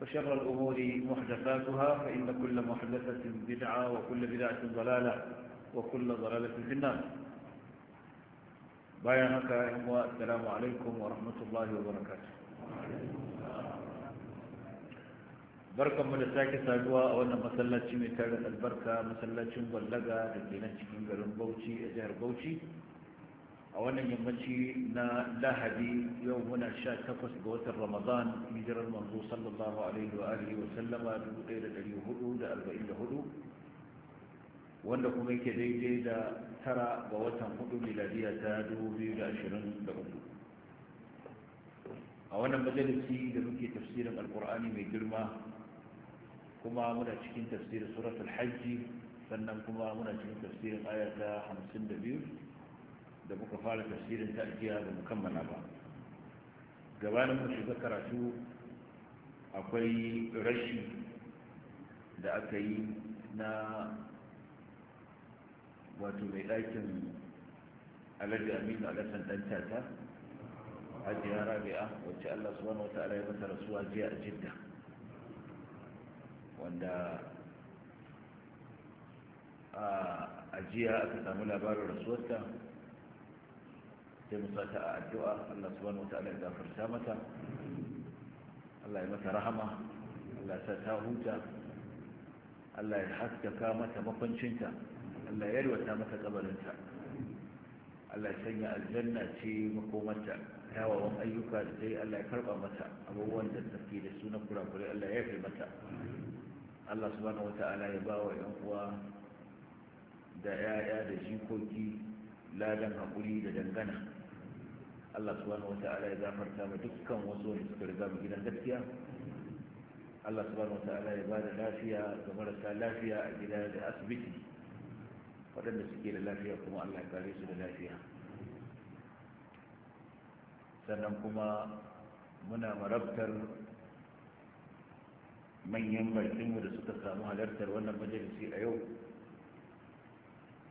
وشر الأمور محدثاتها فإن كل محدثة بدعة وكل بدعة ضلالة وكل ضلالة في النار بيانك السلام عليكم ورحمة الله وبركاته بركة من الساكة سادوا أولا مسلا تشمي البركة مسلا تشم بلغة تبين تشكين بلون بوشي بوشي a wannan yammaci na lahadi yau muna sha takwas ga watan ramadan hijirar manzo sallallahu alaihi wa alihi wa sallama 1444 wanda kuma yake daidai da tara ga watan hudu miladiya ta 2023 a wannan majalisi da muke tafsirin alkur'ani mai girma kuma muna cikin tafsirin suratul hajji sannan kuma muna cikin tafsirin ayata 52 da muka fara tafsirin ta ajiya da mu kammala ba gabanin mu shiga karatu akwai rashi da aka yi na wato mai ɗakin alhaji aminu alasan ɗan tata hajiya rabi'a wacce allah su wani wata ya mata rasuwa jiya a jidda wanda a jiya aka samu labarin rasuwarta sai mu ta a addu'a Allah subhanahu wataala ya gafarta mata Allah ya mata rahama Allah ya sa ta huta Allah ya haskaka mata makwancinta Allah ya yarwata mata kabarinta Allah ya sanya aljanna ce makomarta yawon ayyuka da sai Allah ya karba mata abubuwan da tafi da sunan na kurakurai Allah ya yafe mata Allah subhanahu wataala ya ba wa 'yan uwa da 'ya'ya da jikoki ladan haƙuri da dangana Allah subhanahu wata'ala ya zafarta mu dukkan wasu wanda suka riga mu gidan gaskiya Allah subhanahu wata'ala ya bada lafiya ga marasa lafiya a gida da asibiti waɗanda suke da lafiya kuma Allah ya kare su da lafiya sannan kuma muna marabtar manyan bakinmu da suka samu halartar wannan majalisi a yau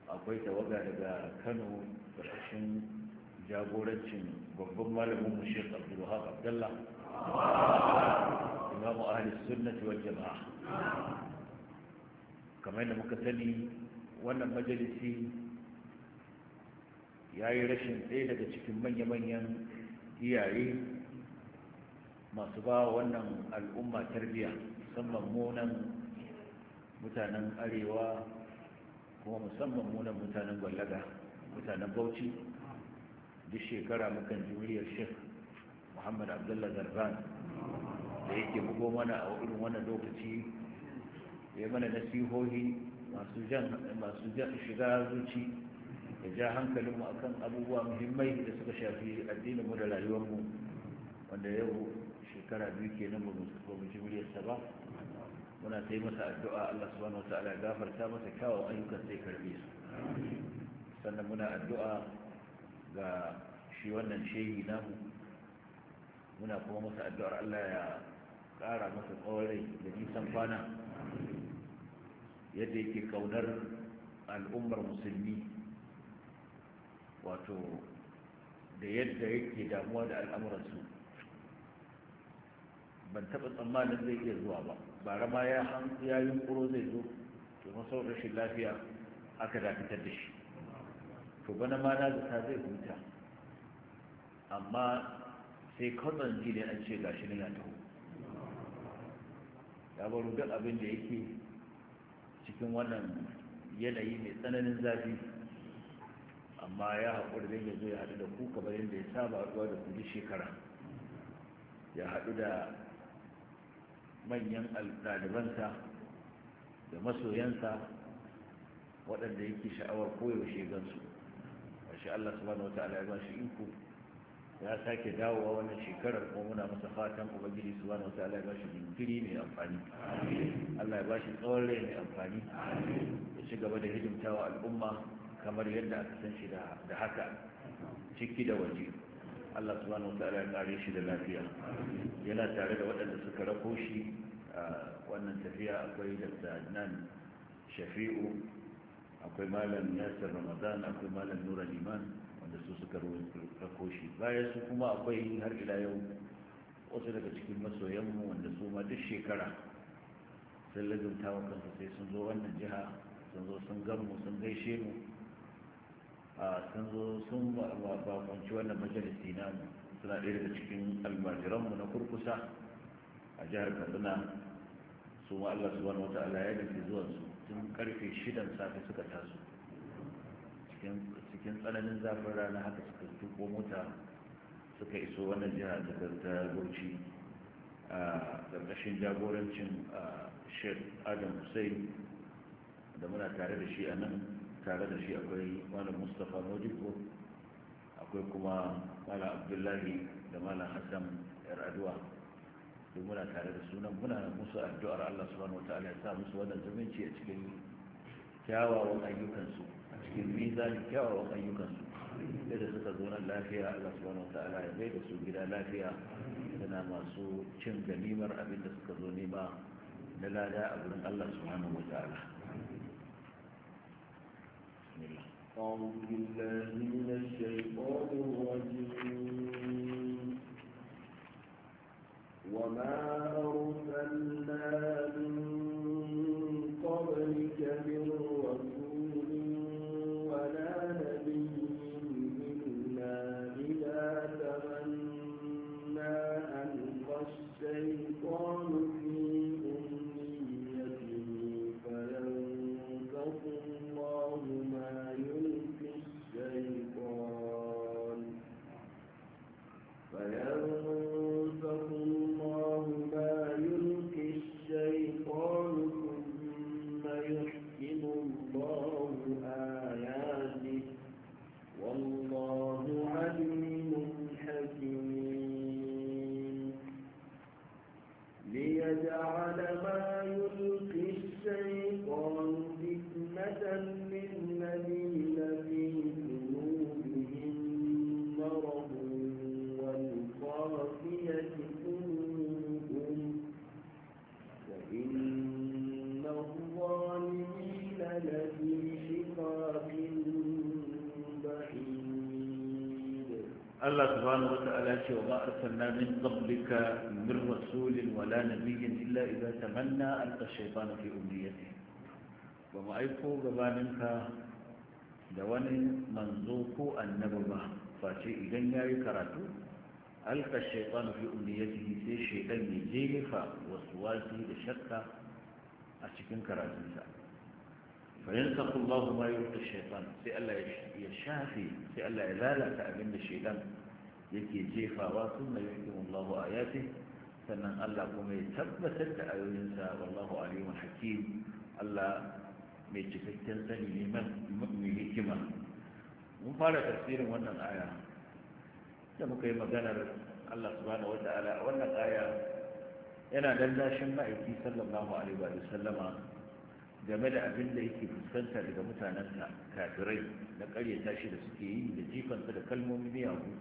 akwai tawaga daga kano ƙarshen jagorancin babban malamin mu Sheikh Abdul Wahab Abdullah imamu ahli sunnati wal jama'a kamar da muka sani wannan majalisi ya yi rashin ɗaya daga cikin manya-manyan iyaye masu ba wannan al'umma tarbiyya musamman munan mutanen arewa kuma musamman munan mutanen gwallaga mutanen bauchi duk shekara mukan ji muryar shek muhammad abdullah zarban da yake bugo mana a irin wannan lokaci ya mana nasihohi masu shiga zuci da ja hankalin hankalinmu kan abubuwa muhimmai da suka shafi addininmu da rayuwarmu wanda yau shekara biyu kenan ba mu ji muryarsa ba muna ta yi masa addu'a Allah subhanahu wa ta'ala gafarta masa kyawun ayyukan sai karbe su sannan muna addu'a ga shi wannan shehi namu muna kuma masa addu'ar Allah ya ƙara masa tsawon da nisan kwana yadda yake kaunar al'ummar musulmi wato da yadda yake damuwa da al'amuransu ban taɓa tsammanin zai iya zuwa ba Ba rama ya yi kuro zai zo domin sau rashin lafiya aka dafitar da shi to bana ma na zata zai huta amma sai kwatsan ne an ce gashi na taho ya baro duk abin da yake cikin wannan yanayi mai tsananin zafi amma ya haƙuri don ya zo ya haɗu da ku kamar yadda ya saba haɗuwa da ku shekara ya haɗu da manyan ɗalibansa da masoyansa waɗanda yake sha'awar koyaushe gansu shi Allah subhanahu wataala ya ba shi iko ya sake dawowa wannan shekarar kuma muna masa fatan ubangiji subhanahu wataala ya ba shi jinkiri mai amfani Allah ya ba shi tsawon rai mai amfani ya ci gaba da hidimtawa al'umma kamar yadda aka san shi da haka ciki da waje Allah subhanahu wataala ya kare shi da lafiya yana tare da waɗanda suka rako shi wannan tafiya akwai da nan shafi'u akwai malam yasir ramadan akwai malam nura liman wanda su suka rako shi bayan su kuma akwai har ila yau wasu daga cikin masoyanmu wanda su ma duk shekara sun lazumta wa kansu sai sun zo wannan jiha sun zo sun gamu sun gaishe mu sun zo sun bakwanci wannan majalisi namu suna ɗaya daga cikin almajiranmu na kurkusa a jihar Kaduna. su ma Allah subhanahu wata'ala ya nufi zuwan su tun karfe shidan safe suka taso cikin tsananin zafin rana haka suka tuko mota suka iso wannan jiha ta ta gauci a ƙarƙashin jagorancin shek adam hussein da muna tare da shi a nan tare da shi akwai malam mustapha mojibbo akwai kuma malam abdullahi da malam hassan yar duk muna tare da sunan muna musu addu'ar Allah subhanahu wataala ya sa musu wannan zumunci a cikin kyawawan ayyukansu a cikin mizanin kyawawan ayyukansu da suka zo nan lafiya Allah subhanahu wataala ya mai da su gida lafiya suna masu cin ganimar abin da suka zo nema na lada a gurin Allah subhanahu wataala أعوذ بالله من الشيطان الرجيم وما أرسلنا من Allah subhanahu wa ta'ala cewa ba a sanna min qablika min rasulin wala nabiyyin illa idza tamanna fi umniyati wa ma aiko gabaninka da wani manzo ko annabi ba face idan yayi karatu alka shaytan fi umniyati sai shaytan ne jefa waswasi da shakka a cikin karatun sa فينسخ الله ما يلقي الشيطان سي الله يشافي سي الله يزال تأمين الشيطان yake jefawa sun mai yankin wallahu a yafi sannan Allah kuma ya tabbatar da ayoyinsa wallahu alimun hakim Allah mai cikakken sani ne mai hikima mun fara tafsirin wannan aya da muka yi maganar Allah subhanahu wata'ala wannan aya yana dandashin ma'aiki sallallahu alaihi wa sallama game da abin da yake fuskanta daga mutanen kafirai na karyata shi da suke yi da jifansa da kalmomi miyagu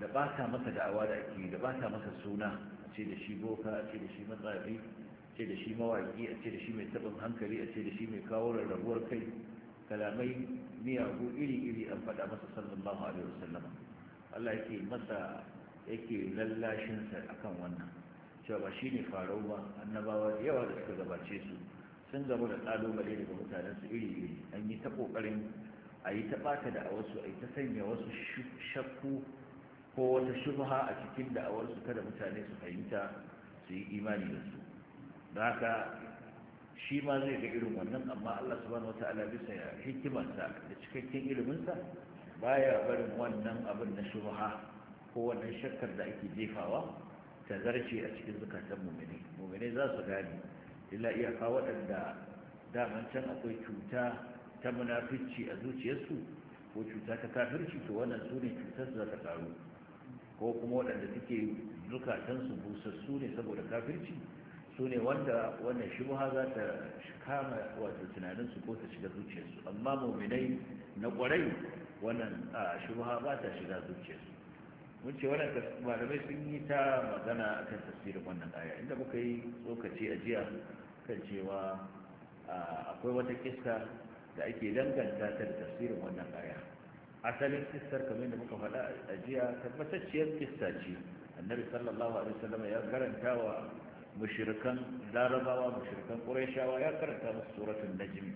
da ba ta masa da'awa da ake da ba ta masa suna a ce da shi boka a ce da shi matsafi a ce da shi mawaki a ce da shi mai taɓin hankali a ce da shi mai kawo rarrabuwar kai kalamai miyagu iri-iri an faɗa masa sallallahu alaihi wasallam Allah yake masa yake lallashinsa akan wannan cewa ba shi ne farau ba annabawa da yawa da suka gabace su sun gaba da ƙalubale daga mutanensu iri-iri an yi ta ƙoƙarin a yi ta ɓata da a wasu a yi ta sanya wasu shakku ko wata shubha a cikin da'awarsu kada mutane su fahimta su yi imani da su da haka shi ma zai ga irin wannan amma Allah subhanahu wata'ala bisa ya hikimarsa da cikakken iliminsa baya barin wannan abin na shubha ko wannan shakkar da ake jefawa ta zarce a cikin zukatan mumini mumini za su Ila illa iyaka waɗanda daman can akwai cuta ta munafici a zuciyarsu ko cuta ta kafirci to wannan su ne cutar za ta karu ko kuma waɗanda suke zukatansu busassu ne saboda kafirci su ne wanda wannan shubha za ta kama wato tunaninsu ko ta shiga zuciyarsu amma muminai na ƙwarai wannan shubha ba ta shiga zuciyarsu mun ce wannan malamai sun yi ta magana akan tasirin wannan aya inda muka yi tsokaci a jiya kan cewa akwai wata kista da ake danganta ta da tasirin wannan aya asalin kistar kamar da muka faɗa a jiya tabbatacciyar kista ce annabi sallallahu alaihi wasallam ya karanta wa mushrikan larabawa mushrikan qurayshawa ya karanta musu suratul najm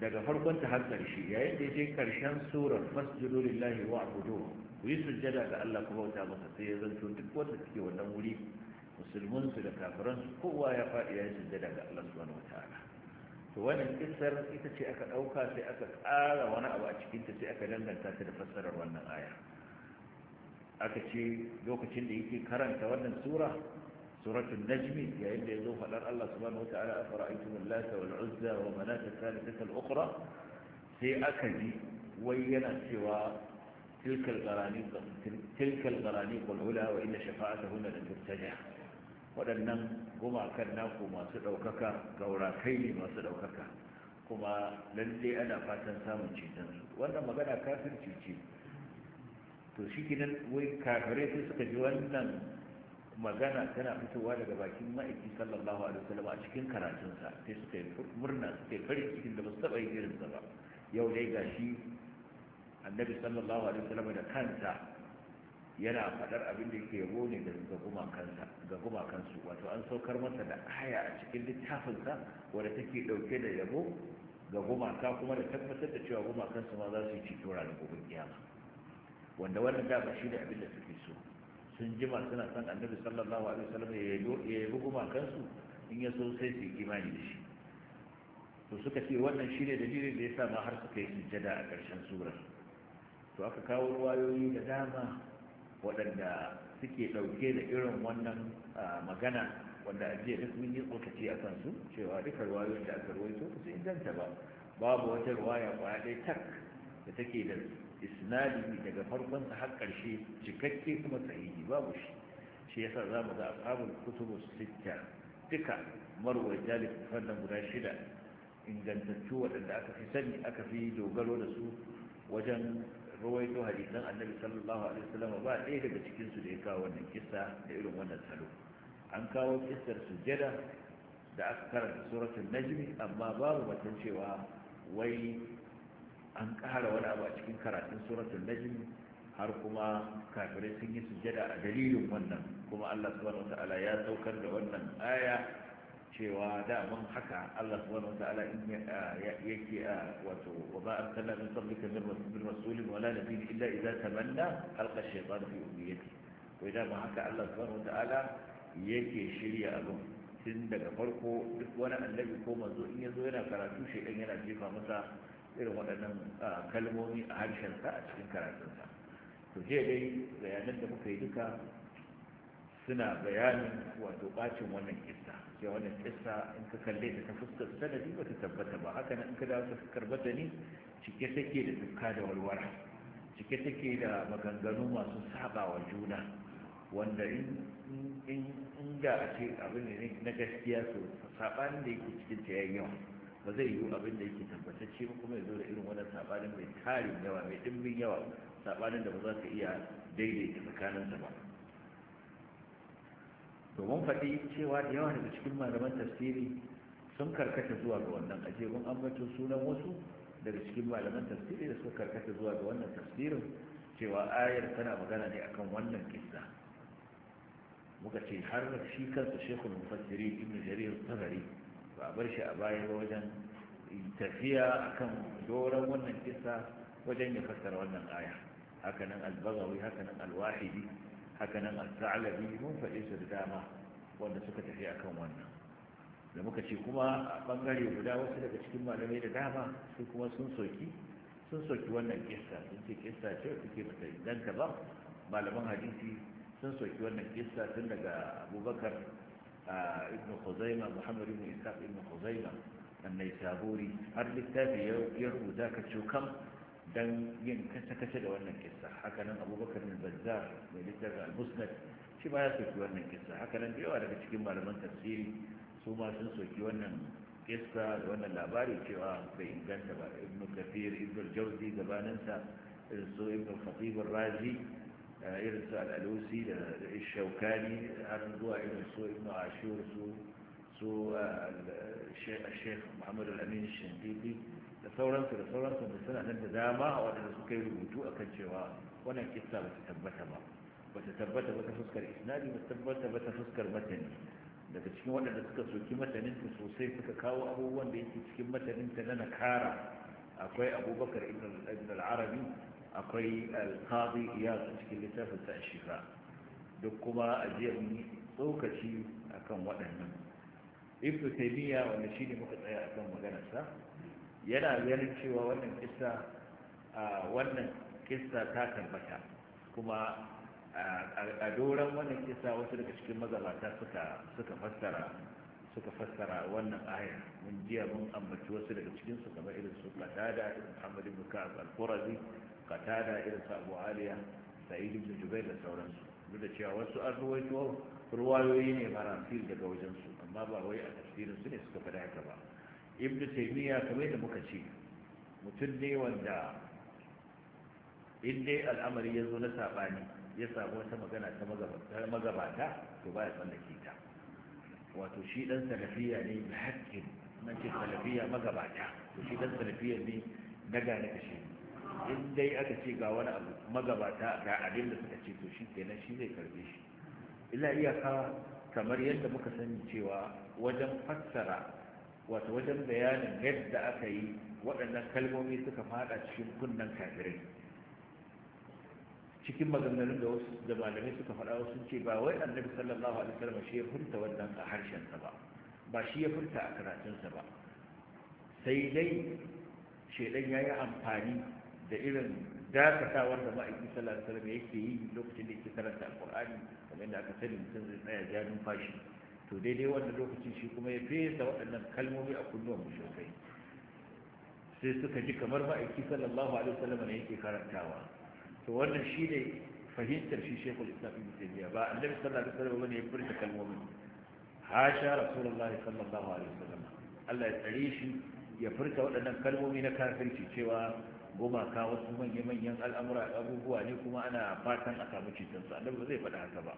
daga farkon ta har karshe yayin da yake karshen surar fasjudu lillahi kuyi ku yi sujjada ga Allah ku bauta masa sai ya zanto duk wanda suke wannan wuri musulmansu da kafiransu kowa ya faɗi ya yi sujjada ga Allah subhanahu ta'ala to wannan kisar ita ce aka ɗauka sai aka kara wani abu a cikinta sai aka danganta ta da fassarar wannan aya aka ce lokacin da yake karanta wannan sura suratul najmi yayin da ya zo faɗar Allah subhanahu wataala a fara'aitum lata wal uzza wa manat thalithata al ukhra sai aka ji wai yana cewa tilkal garani tilkal garani qul ula wa inna shafa'atahunna la waɗannan gumakan naku masu ɗaukaka gaurakai ne masu ɗaukaka kuma lalle ana fatan samun su. wannan magana kafin ce to shi nan wai kafirai sai suka ji wannan magana tana fitowa daga bakin ma'aiki sallallahu alaihi wasallam a cikin karatunsa sai suka yi murna suka yi farin cikin da ba su taɓa yin irinsa ba yau dai gashi annabi sallallahu alaihi wasallam da kanta. yana faɗar abin da yake yabo ne ga kansa ga gumakansu wato an saukar masa da aya a cikin littafinsa wanda take ɗauke da yabo ga gumaka kuma da tabbatar da cewa gumakansu ma za su yi ceto ranar gobe kiyama wanda wannan dama shi da abin da suke so sun jima suna son annabi sallallahu alaihi wasallam ya yabi gumakansu in ya so sai su yi imani da shi to suka ce wannan shine da dalilin da ya sa ma har suka yi sujjada a ƙarshen sura. to aka kawo ruwayoyi da dama waɗanda suke ɗauke da irin wannan magana wanda a jiya duk mun yi tsokaci a kansu cewa duka ruwayoyin da aka ruwaito ba su inganta ba babu wata ruwaya kwaya ɗaya tak da take da isnadi daga farkon ta har ƙarshe cikakke kuma sahihi babu shi shi yasa za mu ga ashabul kutubu sitta duka marwa jalib fannan guda shida ingantattu waɗanda aka fi sani aka fi dogaro da su wajen rawaito hadisan annabi sallallahu alaihi wasallam ba ɗaya daga cikin su da ya kawo wannan kissa da irin wannan salo an kawo kissar sujada da aka karanta suratul najmi amma babu batun cewa wai an kara wani abu a cikin karatun suratul najmi har kuma kafirai sun yi sujada a dalilin wannan kuma Allah subhanahu wataala ya saukar da wannan aya cewa daman haka Allah subhanahu wata'ala in yake wato wa ba arsalna min qablika min rasulin rasulin wala nabiyyin illa idza tamanna alqa shaytan fi umniyati to idan ma haka Allah subhanahu wata'ala yake shirya abin tun daga farko duk wani annabi ko manzo in yazo yana karatu shaytan yana jefa masa irin waɗannan kalmomi a harshen sa a cikin karatunsa to je dai bayanan da muka yi duka suna bayanin wato bacin wannan kissa sai wannan kissa in ka kalle ta ta fuskar sanadi ba ta tabbata ba haka nan in ka dawo ta ne cike take da tukka da warwara cike take da maganganu masu saba wa juna wanda in da a ce abin ne na gaskiya so sabanin da yake cikin ta yayin yawa ba zai yiwu abin da yake tabbatacce ba kuma ya zo da irin wannan sabanin mai tarin yawa mai dimbin yawa sabanin da ba za ka iya daidaita tsakaninsa ba domin faɗi cewa da yawa daga cikin malaman tafsiri sun karkata zuwa ga wannan ajegun ambacin sunan wasu daga cikin malaman tafsiri da suka karkata zuwa ga wannan tafsirin cewa ayar tana magana ne akan wannan kissa muka ce har shi kansa shekul mufassiri ibn jarir tabari ba a bar shi a baya ba wajen tafiya akan doran wannan kisa wajen ya fassara wannan aya hakanan albagawi hakanan wahidi haka nan al mun faɗe su da dama wanda suka tafi akan wannan da muka ce kuma a guda wasu daga cikin malamai da dama su kuma sun soki sun soki wannan kissa sun ce kissa ce wata ke bata ba malaman hadisi sun soki wannan kissa tun daga abubakar ibn khuzaima muhammad ibn ishaq ibn khuzaima annai saburi har littafi ya rubuta ka cokam dan yin kace-kace da wannan kissa hakanan abubakar bin bazzar mai littafin al-musnad shi ba ya soki wannan kissa hakanan da yawa daga cikin malaman tafsiri su ma sun soki wannan kissa da wannan labari cewa bai inganta ba ibnu kafir ibnu jauzi gabaninsa irin su ibnu khatib razi eh, irin su al-alusi da shaukani har zuwa irin su ibn ashur su su eh, muhammad al-amin shindidi da sauransu da sauransu da suna nan da dama a waɗanda suka yi rubutu akan cewa wannan kissa ba ta tabbata ba ba ta tabbata ba ta fuskar isnadi ba ta tabbata ba ta fuskar matani daga cikin waɗanda suka soki mataninta sosai suka kawo abubuwan da yake cikin mataninta na nakara akwai abubakar ibn al-arabi akwai al-qadi iyas cikin littafin ta shifa duk kuma a jiya mun tsokaci akan waɗannan ibnu taymiya wanda shine muka tsaya akan maganarsa yana ganin cewa wannan kissa wannan kissa ta tabbata kuma a doron wannan kissa wasu daga cikin mazabata suka suka fassara suka fassara wannan ayar. mun jiya mun ambaci wasu daga cikin su kamar irin su qatada ibn Muhammad ibn Ka'ab al-Qurazi qatada irin su Abu Aliya Sa'id ibn Jubair da sauransu duk da cewa wasu an ruwayoyi ne fil daga wajen su amma ba wai a tafsirin su ne suka faɗa haka ba ibnu taymiya kamar da muka ce mutum ne wanda in dai al'amari ya zo na saɓani ya samu wata magana ta magabata to ba ya tsallake ta wato shi ɗan salafiya ne da haƙƙin na ce salafiya magabata to shi ɗan salafiya ne na gane ka shi in dai aka ce ga wani abu magabata ga abin da suka ce to shi kenan shi zai karbe shi illa iyaka kamar yadda muka sani cewa wajen fassara Wata wajen bayanin yadda aka yi waɗannan kalmomi suka fada cikin kunnen kafirai cikin maganganun da wasu da malamai suka faɗa wasu ce ba wai annabi sallallahu alaihi wasallam shi ya furta wannan a harshen sa ba ba shi ya furta a karatun sa ba sai dai shedan yayi amfani da irin dakatawar da ma'aiki sallallahu alaihi wasallam yake yi lokacin da yake karanta alqur'ani kamar yadda aka sani mutum zai tsaya ja numfashi to daidai wannan lokacin shi kuma ya fesa waɗannan kalmomi a kunnuwan mushrikai sai suka ji kamar ma'aiki sallallahu alaihi wasallam ne yake karantawa to wannan shi ne fahimtar shi shekul islam ibn taymiya ba annabi sallallahu alaihi wasallam ne ya furta kalmomin hasha rasulullahi sallallahu alaihi wasallam Allah ya tsare shi ya furta waɗannan kalmomi na kafirci cewa gumaka wasu manya-manyan al'amura abubuwa ne kuma ana fatan a samu cikinsu annabi ba zai faɗa haka ba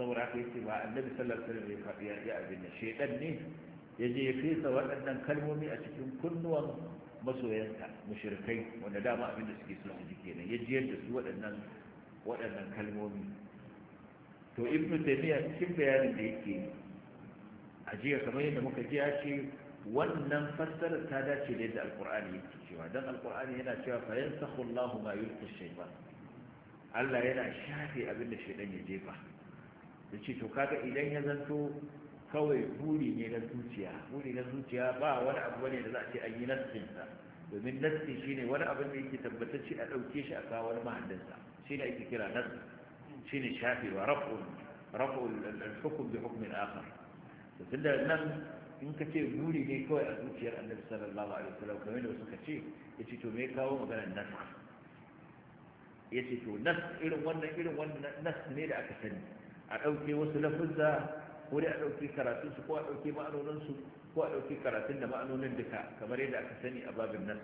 saboda haka yace ba annabi sallallahu alaihi wasallam ya faɗi ya ji abin da shedan ne ya je ya fesa waɗannan kalmomi a cikin kunnuwan masoyanta mushrikai wanda dama abin da suke son su ji kenan ya jiyar da su waɗannan waɗannan kalmomi to ibnu taymiya cikin bayanin da yake a jiya kamar yadda muka ji ya ce wannan fassarar ta dace da yadda alkur'ani yake cewa don alkur'ani yana cewa fa yansakhu Allahu ma yulqi shaytan Allah yana shafe abin da shaytan ya jefa da ce to kaga idan ya zanto kawai buri ne na zuciya buri na zuciya ba wani abu ne da za a ce an yi nassinsa domin nassi shine wani abin da yake tabbatacce a ɗauke shi a kawar wani mahallinsa shine ake kira nassi shine shafewa raf'ul raf'ul al-hukm bi hukm al-akhar to tunda nan in ka ce buri ne kawai a zuciyar annabi sallallahu alaihi wasallam kamar da suka ce yace to me kawo maganar nassi yace to nas irin wannan irin wannan nas ne da aka sani a ɗauke wasu lafuzza ko dai a ɗauke karatun su ko a ɗauke ma'anonin su ko a ɗauke karatun da ma'anonin duka kamar yadda aka sani a babin nas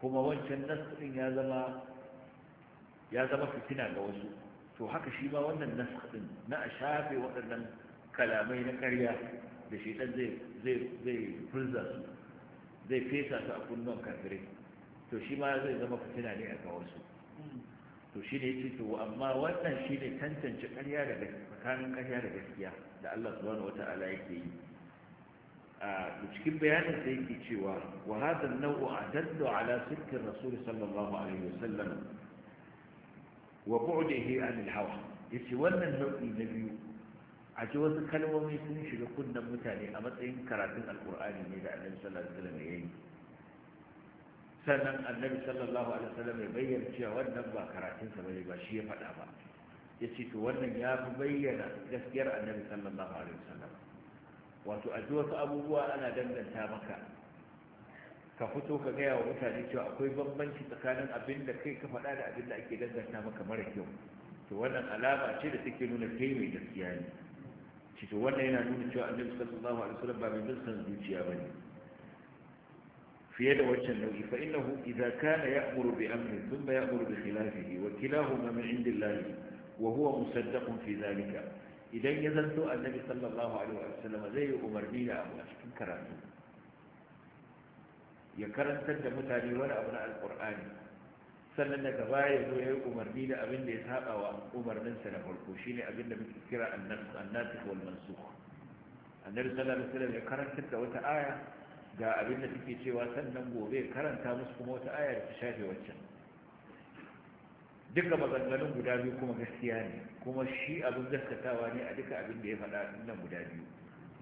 kuma wancan nas din ya zama ya zama fitina ga wasu to haka shi ma wannan nas din na a shafe waɗannan kalamai na ƙarya da shi ɗan zai zai zai furza su zai fesa su a kunnuwan kafirai to shi ma zai zama fitina ne a ga wasu to shi ne yake to amma wannan shi ne tantance ƙarya da tsakanin ƙarya da gaskiya da Allah subhanahu wata'ala yake yi a cikin bayanin sai yake cewa wa hadha an-naw'u adallu ala sirri rasul sallallahu alaihi wasallam wa bu'dihi an al-hawa yace wannan nau'i na biyu a ji wasu kalmomi sun shiga kunnen mutane a matsayin karatun alkur'ani ne da annabi sallallahu alaihi wasallam ya yi sannan annabi sallallahu alaihi wasallam ya bayyana cewa wannan ba karatunsa ba ne ba shi ya faɗa ba ya ce to wannan ya fi bayyana gaskiyar annabi sallallahu alaihi wasallam wato a ji wasu abubuwa ana danganta maka ka fito ka gaya wa mutane cewa akwai bambanci tsakanin abin da kai ka faɗa da abin da ake danganta maka mara kyau to wannan alama ce da take nuna kai mai gaskiya ne ci to wannan yana nuna cewa annabi sallallahu alaihi wasallam ba mai bin san zuciya ba ne. قيادة وجه النبي فإنه إذا كان يأمر بأمر ثم يأمر بخلافه وكلاهما من عند الله وهو مصدق في ذلك إذا يذلت النبي صلى الله عليه وسلم زي أمر بي لأبو أشكين كرامي يكرم تد متاني ولا أبناء القرآن سنة نتباعي زي أمر بي لأبن إسحاق وأمر من سنة فالكوشين أبن من كرا النفس الناتف والمنسوخ النبي صلى الله عليه وسلم يكرم تد وتآية ga abin da suke cewa sannan gobe karanta musu kuma wata aya ta shafe waccan duka maganganun guda biyu kuma gaskiya ne kuma shi abin gaskatawa ne a duka abin da ya faɗa nan guda biyu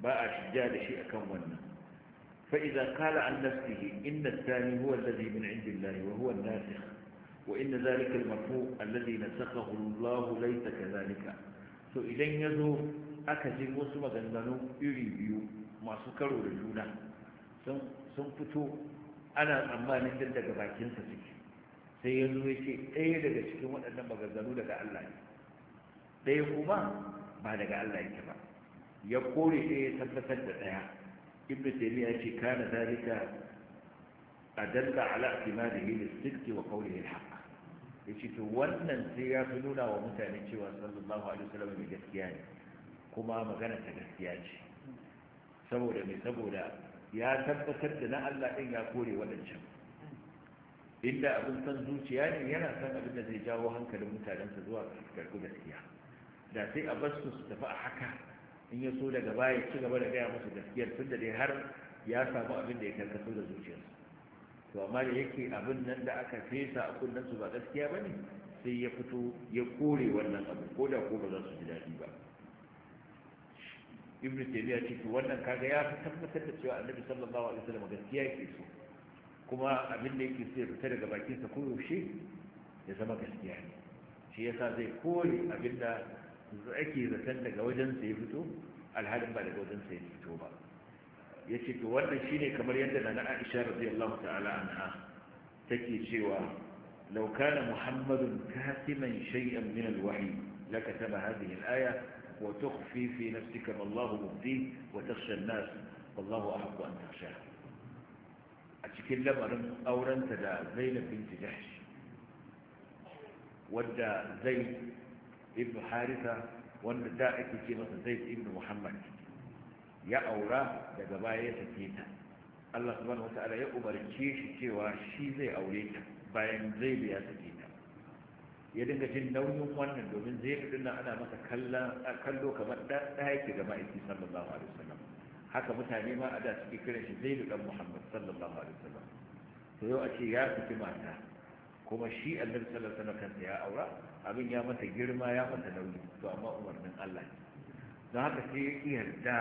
ba a shiga da shi akan wannan فإذا قال عن نفسه إن الثاني هو الذي من عند الله وهو الناسخ وإن ذلك المرفوع الذي نسخه الله ليس كذلك سو يزور أكثر وسمى ذنبنه يريبيو ما سكروا لجونه sun fito ana tsammanin din daga bakinsa suke sai ya zo ya ce ɗaya daga cikin waɗannan maganganu daga Allah ne ɗaya kuma ba daga Allah yake ba ya kore ɗaya ya tabbatar da ɗaya ibn taymiya ya ce kana zalika adalla ala ihtimalihi lis sidqi wa qawlihi al-haqq yace to wannan sai ya fi nuna wa mutane cewa sallallahu alaihi wasallam mai gaskiya ne kuma magana ta gaskiya ce saboda mai saboda ya tabbatar da na Allah ɗin ya kore waɗancan inda abin san zuciya ne yana san abin da zai jawo hankalin mutanensa zuwa karɓi gaskiya da sai a bar su tafi a haka in ya so daga baya ci gaba da gaya musu gaskiyar tun da dai har ya samu abin da ya karkaso da zuciyarsu. to amma da yake abin nan da aka fesa a kunnen su ba gaskiya ba ne sai ya fito ya kore wannan abu ko da ko ba za su ji daɗi ba Ibn taymiya ce to wannan kaga ya fi tabbatar da cewa annabi sallallahu alaihi wasallam gaskiya yake so kuma abin da yake sai fita daga bakin sa ko yaushe ya zama gaskiya ne shi yasa zai kore abin da ake zaton daga wajen sa ya fito alhalin ba daga wajen sa ya fito ba yace to wannan shine kamar yadda nana Aisha radiyallahu ta'ala anha take cewa law kana muhammadun katiman shay'an min alwahyi lakataba hadhihi alaya وتخفي في نفسك ما الله مبديه وتخشى الناس والله أحب أن تخشاه أتكلم لمرم أولا تدى زينب بنت جحش ودى زيد ابن حارثة وأن دائك كلمة زيد ابن محمد يا أوراه دقبايا سكينة الله سبحانه وتعالى يا أمر الشيش كيوا الشيزي أوليك باين زيد يا سكينة ya dinga jin nauyin wannan domin zai fi dinnan ana masa kallo kamar ɗaya ke ga ma'aiki sallallahu alaihi wasallam haka mutane ma a da suke kiran shi zai dan muhammad sallallahu alaihi wasallam to yau a ce ya fiti mata kuma shi annabi sallallahu alaihi kansa ya aura abin ya mata girma ya mata nauyi to amma umarnin Allah ne don haka sai ya yarda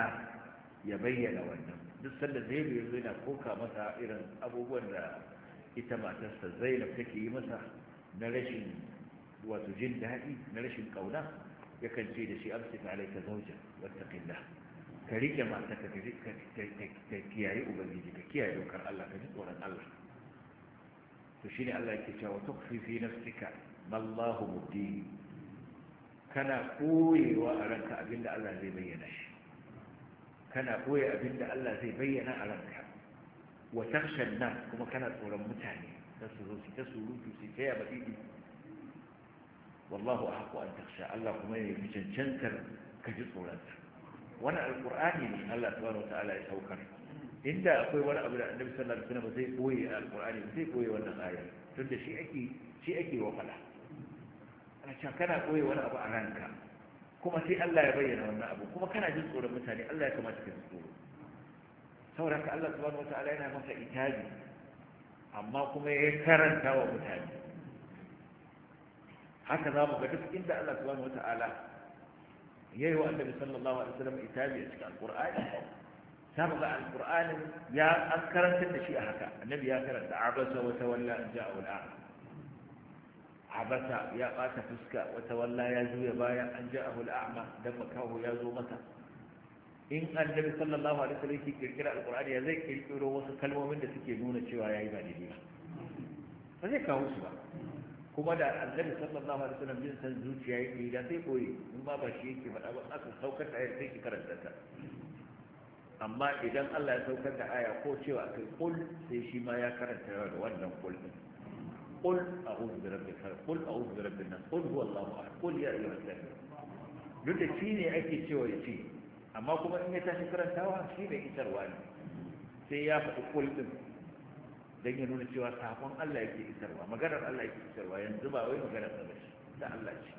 ya bayyana wannan duk sanda zai yanzu yana koka masa irin abubuwan da ita matarsa zainab take yi masa na rashin wato jin daɗi na rashin ƙauna yakan ce da shi amsik alaika zauja ƙilla. ka rike mata ka ka kiyaye ubangiji ka kiyaye dokar Allah ka ji tsoron Allah to shi ne Allah yake cewa tukfi fi nafsika mallahu mubdi kana koyewa a ranka abinda Allah zai bayyana shi kana koye abinda Allah zai bayyana a ranka wa nan kuma kana tsoron mutane ta su zo su ta surutu su ta yaba didi wallahu ahqqu an takhsha Allah kuma ya yi cancantar ka ji tsoronsa Wani alqur'ani ne Allah subhanahu ta'ala ya saukar inda akwai wani abu da annabi sallallahu alaihi wasallam zai koye alqur'ani zai koye wannan ayar tunda shi ake shi ake wa fada ana cewa kana koye wani abu a ranka kuma sai Allah ya bayyana wannan abu kuma kana jin tsoron mutane Allah ya kamata ka ji tsoro saboda haka Allah subhanahu ta'ala yana masa itabi amma kuma ya karanta wa mutane haka za mu ga duk inda Allah subhanahu wata'ala yayi wa annabi sallallahu alaihi wasallam itabi a cikin alqur'ani za mu ga alqur'ani ya an karanta da shi a haka annabi ya karanta abasa wa tawalla an ja'a wal abasa ya bata fuska wa tawalla ya juya baya an ja'a wal a'ma dan makahu ya zo masa in annabi sallallahu alaihi wasallam yake kirkira alqur'ani ya zai kirkiro wasu kalmomin da suke nuna cewa yayi ba daidai ba ba zai kawo su ba kuma da annabi sallallahu alaihi wasallam bin san zuciya yake da sai koyi in ba ba shi yake faɗa ba aka saukar da ayar sai ki karanta ta amma idan Allah ya saukar da aya ko cewa kai kul sai shi ma ya karanta da wannan kul din kul a'udhu bi rabbil falaq kul a'udhu bi rabbin nas kul huwallahu ahad kul ya ayyuhal kafirun duk da shi ne ake cewa ya ce amma kuma in ya tashi karantawa shi ne isarwa ne sai ya faɗi kul din don ya nuna cewa sakon Allah yake isarwa maganar Allah yake isarwa yanzu ba wai maganar da bace da Allah ce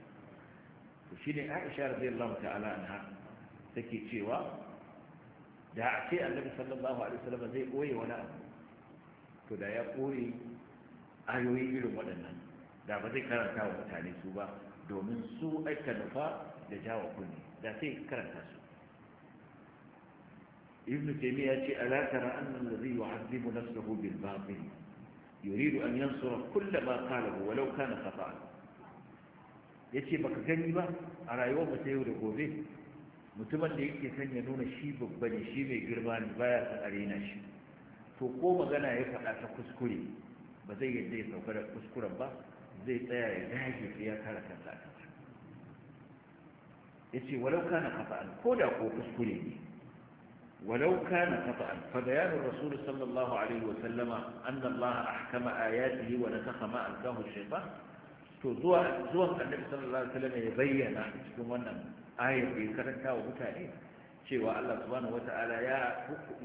to shine Aisha radiyallahu ta'ala anha take cewa da a ce Annabi sallallahu alaihi wasallam zai koyi wani abu to da ya koyi ayoyi irin waɗannan da ba zai karanta wa mutane su ba domin su aika nufa da jawa kunni da sai karanta su ابن تيمية يأتي ألا ترى أن الذي يعذب نفسه بالباطل يريد أن ينصر كل ما قاله ولو كان خطأ يأتي بكتنبة على يوم da به mutumin da yake son ya nuna shi babba ne shi mai girma ne baya son arena shi to ko magana ya faɗa ta kuskure ba zai yadda ya sauka da kuskuren ba zai tsaya ya gaji sai ya kare kansa a ya ce walau kana kafa'an ko da ko kuskure ne ولو كان خطأ فبيان الرسول صلى الله عليه وسلم أن الله أحكم آياته ونسخ ما ألقاه الشيطان zuwan annabi sallallahu alaihi wasallam ya bayyana cikin wannan ayar da ya karanta wa mutane cewa Allah subhanahu wata'ala ya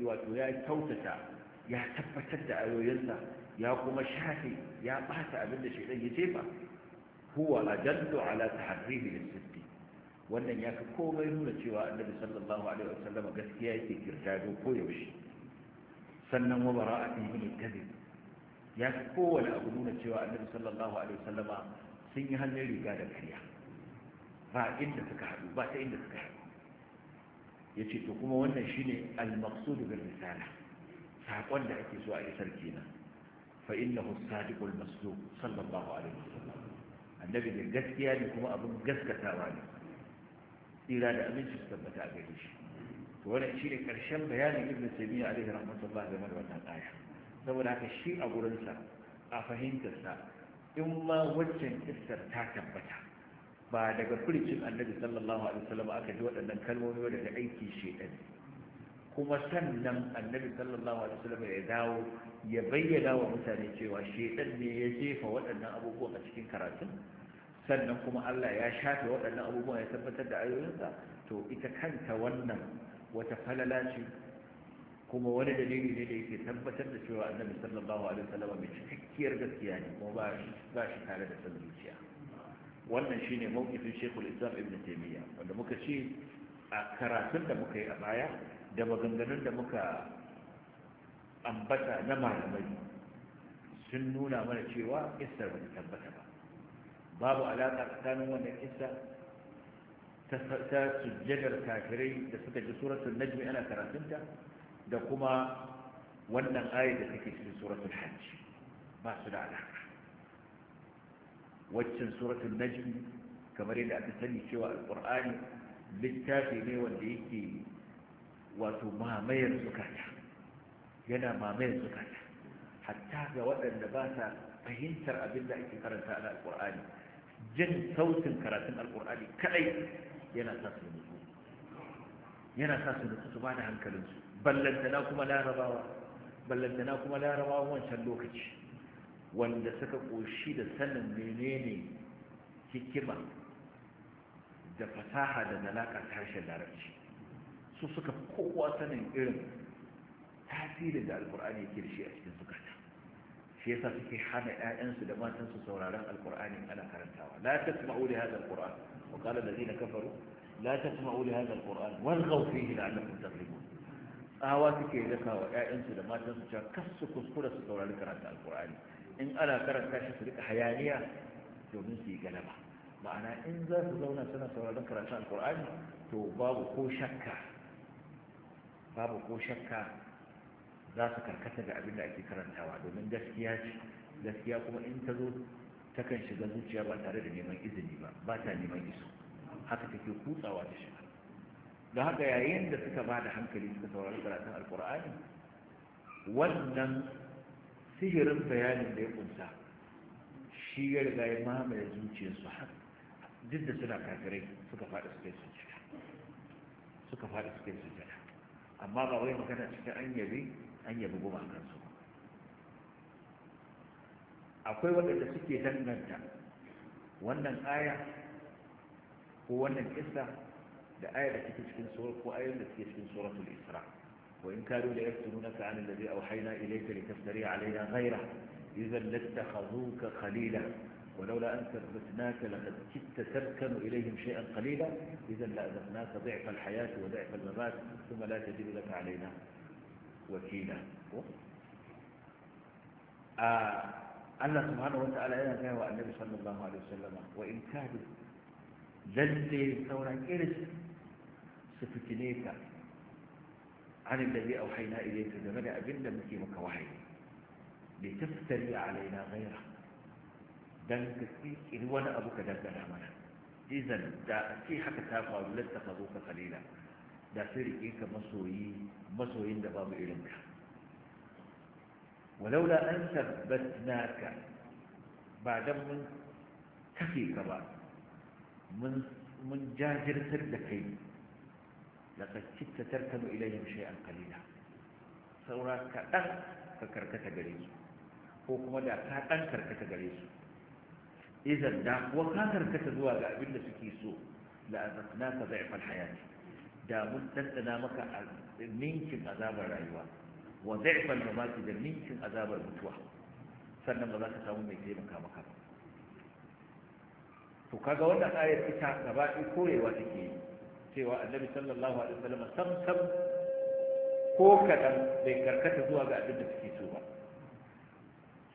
wato ya kyautata ya tabbatar da ayoyinsa ya kuma shafe ya bata abin da shaidan ya jefa huwa ala tahrimi lis wannan ya fi komai nuna cewa annabi sallallahu alaihi wasallam gaskiya yake kirta, ko yaushe sannan wa bara'atin min kadhib ya fi kowane abu nuna cewa annabi sallallahu alaihi wasallam sun yi hannun riga da kariya ba inda suka haɗu ba ta inda suka haɗu Ya ce to kuma wannan shine al-maqsud bil misala, sakon da ake so a yi kenan fa innahu as-sadiqul masduq sallallahu alaihi wasallam annabi ne gaskiya ne kuma abin gaskatawa ne tsira da abinci su tabbata a gare shi to wannan shi ne ƙarshen bayanin ibn taymiya alaihi rahmatullah game da wannan aya saboda haka shi a sa a fahimtarsa in ma waccan iskar ta tabbata ba daga furicin annabi sallallahu alaihi wasallam aka ji waɗannan kalmomi wadda ta aiki shedan kuma sannan annabi sallallahu alaihi wasallam ya dawo ya bayyana wa mutane cewa shedan ne ya jefa waɗannan abubuwa a cikin karatun sannan kuma Allah ya shafe waɗannan abubuwan ya tabbatar da ayoyinsa to ita kanta wannan wata falala ce kuma wani dalili ne da yake tabbatar da cewa annabi sallallahu alaihi wasallam mai cikakkiyar gaskiya ne kuma ba shi tare da san zuciya wannan shine mawqifin Sheikhul Islam Ibn Taymiyyah wanda muka ce a karatun da muka yi a baya da maganganun da muka ambata na malamai sun nuna mana cewa istar ba ta tabbata babu alaƙa tsakanin wannan kissa ta sujjadar kafirai da suka ji suratul najmi ana karatunta da kuma wannan ayat da take cikin suratul hajj ba su da alaƙa waccan suratul najmi kamar yadda aka sani cewa Alƙur'ani, littafi ne wanda yake wato mamayar zukata yana mamayar zukata hatta ga waɗanda ba sa fahimtar abin da ake karanta a alqur'ani jin sautin karatun alkur'ani kadai yana sa su nutsu yana sa su nutsu su ba da hankalinsu ballantana kuma larabawa ballantana kuma larabawa wancan lokaci wanda suka ƙoshi da sanin menene hikima da fasaha da zalaƙa ta harshen larabci su suka kowa sanin irin tasirin da alkur'ani yake da shi a cikin suka shi yasa suke hana ƴaƴansu da matansu sauraron alqur'ani ana karantawa la tasma'u li hadha alqur'an wa qala alladhina kafaru la tasma'u li hadha alqur'an walghaw fihi la'allakum taghlibun tsawa suke daka wa ƴaƴansu da matansu cewa kas su kuskura su saurari karanta alqur'ani in ana karanta shi su rika hayaniya domin su yi galaba ma'ana in za su zauna suna sauraron karatun alkur'ani to babu ko shakka babu ko shakka za su karkata da abin da ake karantawa domin gaskiya ce gaskiya kuma in ta zo takan shiga zuciya ba tare da neman izini ba ba ta neman iso haka take kutsawa ta shiga da haka yayin da suka ba da hankali suka saurari karatun alkur'ani wannan sihirin bayanin da ya kunsa shi ya riga ya mamaye zuciyarsu har duk da suna kafirai suka faɗi suka yi sujjada suka faɗi suka yi sujjada amma ba wai magana cikin an yabe an yabi gumakansu akwai waɗanda suke danganta wannan aya ko wannan kissa da aya da take cikin sura ko ayoyin da suke cikin suratul isra wa in kadu la yaftununaka an alladhi awhayna ilayka litaftari alayna ghayra idhan lattakhadhuka khalila ولولا أن ثبتناك لقد كدت تركن إليهم شيئا قليلا إذا لأذقناك ضعف الحياة وضعف الممات ثم لا تجد لك علينا wakila ko a Allah subhanahu wa ta'ala yana gaya wa annabi sallallahu alaihi wasallama wa in kadu lalle sauran irin su fitine ka an da zai auhaina ilayka game da abin da muke maka wahayi bai taftari alaina ghaira dan ka tsiri wani abu ka dangana mana izan da ake haka ta faru lattaka zo ka kalila da su rike ka masoyi masoyin da babu irin ka walaula an tabbatnaka ba don mun kafe ka ba mun jajirtar da kai laqad kitta tarkanu ilayhim shay'an kalila saura kaɗan ka karkata gare su ko kuma da ka ɗan karkata gare su Izan da kuwa ka karkata zuwa ga abin da suke so la'azatna ka za'ifal hayati da mun ɗanɗana maka a ninkin azabar rayuwa wa zaifan da maki da ninkin azabar mutuwa sannan ba za ka samu mai taimaka maka ba to kaga wannan ayar ita gaba ɗaya koyewa take yi cewa annabi sallallahu alaihi wasallam sam sam ko kaɗan bai karkata zuwa ga abin da suke so ba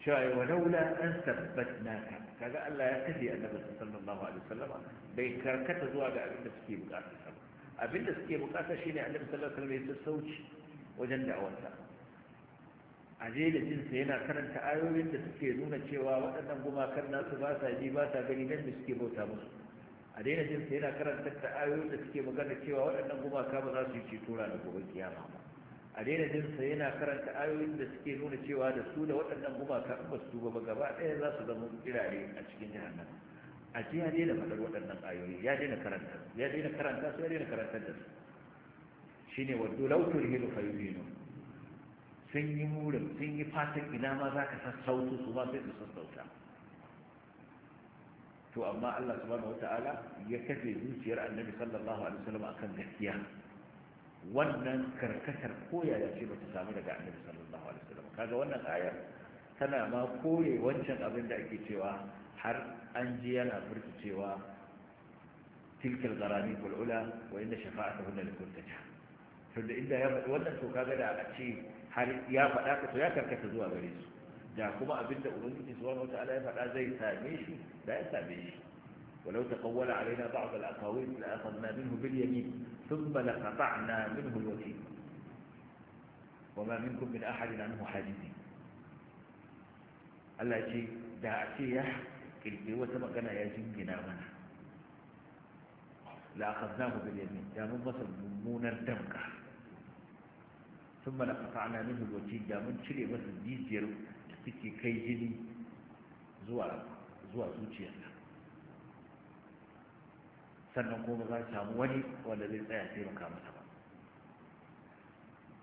cewa wa laula an sabbatnaka kaga Allah ya kace annabi sallallahu alaihi wasallam bai karkata zuwa ga abin da suke buƙata ba abinda suke bukata shine annabi sallallahu alaihi wasallam ya sauci wajen da'awarsa a je da jinsa yana karanta ayoyin da suke nuna cewa waɗannan gumakan nasu ba sa ji ba sa gani nan da suke bauta musu a daina jinsa yana karanta ta ayoyin da suke magana cewa waɗannan gumaka ba za su yi ceto da gobe kiyama ba a daina jinsa yana karanta ayoyin da suke nuna cewa da su da waɗannan gumaka ba su ba gaba ɗaya za su zama kirare a cikin jahannama a ce ya daina faɗar waɗannan ayoyi ya daina karanta ya daina karanta su ya daina karantar da su shine waddu law turhilu fayudinu sun yi murin sun yi fatan ina ma za ka sassautu su ma sai su sassauta to amma Allah subhanahu wata'ala ya kafe zuciyar annabi sallallahu alaihi wasallam akan gaskiya wannan karkatar koyaya ce ba ta samu daga annabi sallallahu alaihi wasallam kaga wannan ayar tana ma koye wancan abin da ake cewa har an ji yana furta cewa tilkal garani kul'ula wa inda shafa'ata hunna li kuntaja to da inda ya faɗi wannan to kaga da a ce har ya faɗa ka to ya karkata zuwa gare su da kuma abinda ubangiji subhanahu wataala ya faɗa zai same shi da ya same shi ولو تقول علينا بعض الأقاويل لأخذنا منه باليمين ثم لقطعنا منه الوكيل وما منكم من أحد عنه حاجزين التي دعتي kirkiri wata magana ya jingina mana la hu bil yamin ya mun masa mummunar damka thumma la qata'na minhu wati da mun cire masa jijiyar da take kai jini zuwa zuwa sa sannan kuma za samu wani wanda zai tsaya sai taimaka masa ba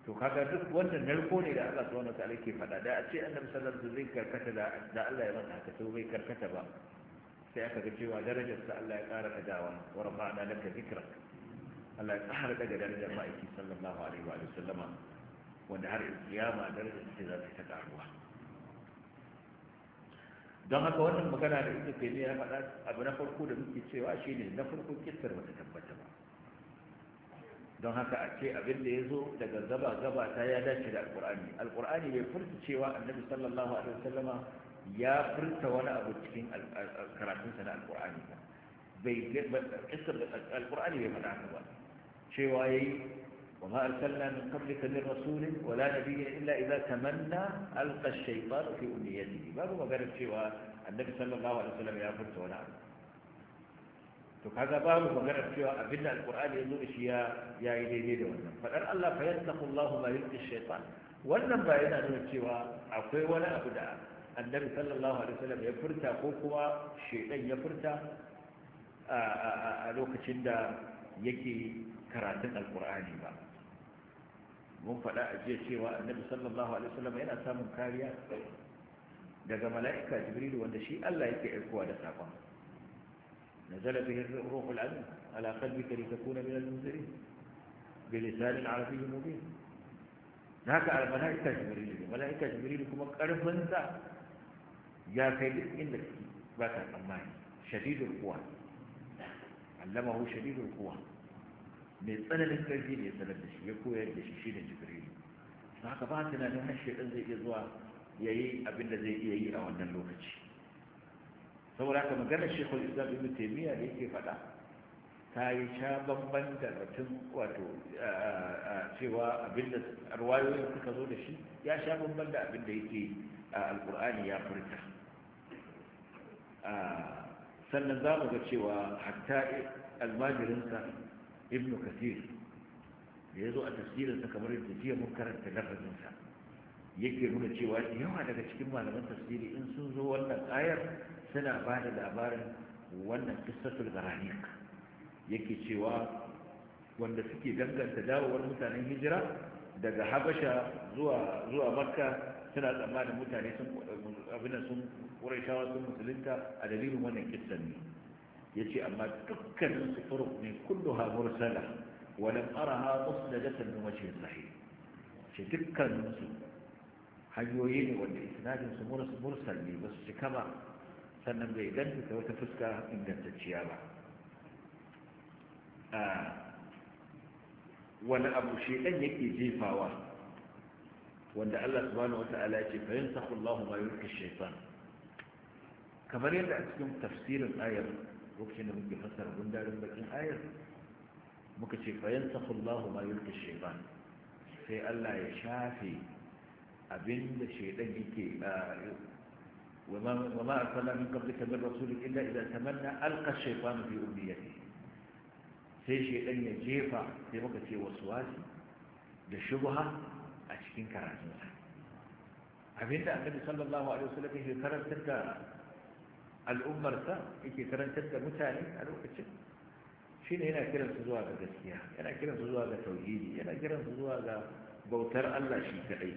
to kaga duk wannan narko ne da Allah subhanahu wataala ke faɗa da a ce annabi sallallahu alaihi wasallam zai karkata da Allah ya masa haka to bai karkata ba sai aka ga cewa darajar sa Allah ya ƙara kadawa wa rafa'na laka zikrak Allah ya ƙara daga darajar ma'aiki sallallahu alaihi wa sallama wanda har kiyama darajar ce za ta karuwa don haka wannan magana da ita ke ne ya faɗa abu na farko da muke cewa shine na farko kissar wata tabbata ba don haka a ce abin da ya zo daga gaba gaba ta ya dace da alkur'ani alkur'ani bai furta cewa annabi sallallahu alaihi wasallama ya furta wani abu cikin karatunsa na alkur'ani ba bai alkur'ani bai faɗa haka ba cewa yayi wa ma arsalna min qablika min rasulin wala nabiyyin illa idza tamanna alqa ash-shaytanu fi umniyatihi babu magana cewa annabi sallallahu alaihi wasallam ya furta wani abu to kaga babu magana cewa abin da alqur'ani ya nuna shi ya yayi daidai da wannan fadar Allah fa yattaqullahu ma yulqi shaytan wannan ba yana nuna cewa akwai wani abu da annabi sallallahu alaihi wasallam ya furta ko kuma shaytan ya furta a lokacin da yake karatun alqur'ani ba mun faɗa a jiya cewa annabi sallallahu alaihi wasallam yana samun kariya daga mala'ika jibrilu wanda shi Allah yake aikowa da sakon نزل به الروح الأمين على قلبك لتكون من المنذرين بلسان عربي مبين هكا على ملائكة جبريل ملائكة جبريل كما قرب انت يا كيدك انك بات تمام شديد القوى علمه شديد القوى من سنة الكرجين يتلد شيء يكو يرد شيء شيء جبريل فهكا باتنا نهشي انزي إذوا يأي أبن زي يأي أو أن اللوكتش saboda haka maganar shekul islam ibn taimiyya da yake faɗa ta yi sha bamban da batun wato cewa abinda arwayoyin suka zo da shi ya sha bamban da abinda yake a alkur'ani ya furta sannan za mu ga cewa hatta almajirinsa ibn kasir da ya zo a tafsirinsa kamar yadda jiya mun karanta lafazinsa yake nuna cewa yawa daga cikin malaman tafsiri in sun zo wannan ayar suna ba da labarin wannan kistatul garanik yake cewa wanda suke danganta dawowar mutanen hijira daga habasha zuwa makka suna tsammanin mutane sun abinan sun musulunta a dalilin wannan kistan ne ya ce amma dukkanin su furuk ne kullu ha mursala walam da musnadatan bi mace sahih ce dukkanin su hanyoyi ne wanda isnadin su mursal ne ba su kama sannan bai ganta ta wata fuska ingantacciya ba wani abu shekan yake jefawa wanda Allah subhanahu wata'ala ce fa yansakhu Allahu ma yulqi shaytan kamar yadda a cikin tafsirin ayar lokacin da muke fassara gundarin bakin ayar muka ce fa yansakhu Allahu ma yulqi shaytan sai Allah ya shafe abinda shedan yake وما أرسلنا من قبلك من رسول إلا إذا تمنى ألقى الشيطان في أمنيته sai shaidan ya jefa sai muka ce wasu wasi da shubha a cikin karatunsa abinda annabi sallallahu alaihi wasallam yake karantar da al'ummarsa yake karantar da mutane a lokacin shine yana kiran su zuwa ga gaskiya yana kiran su zuwa ga tauhidi yana kiran su zuwa ga bautar Allah shi kadai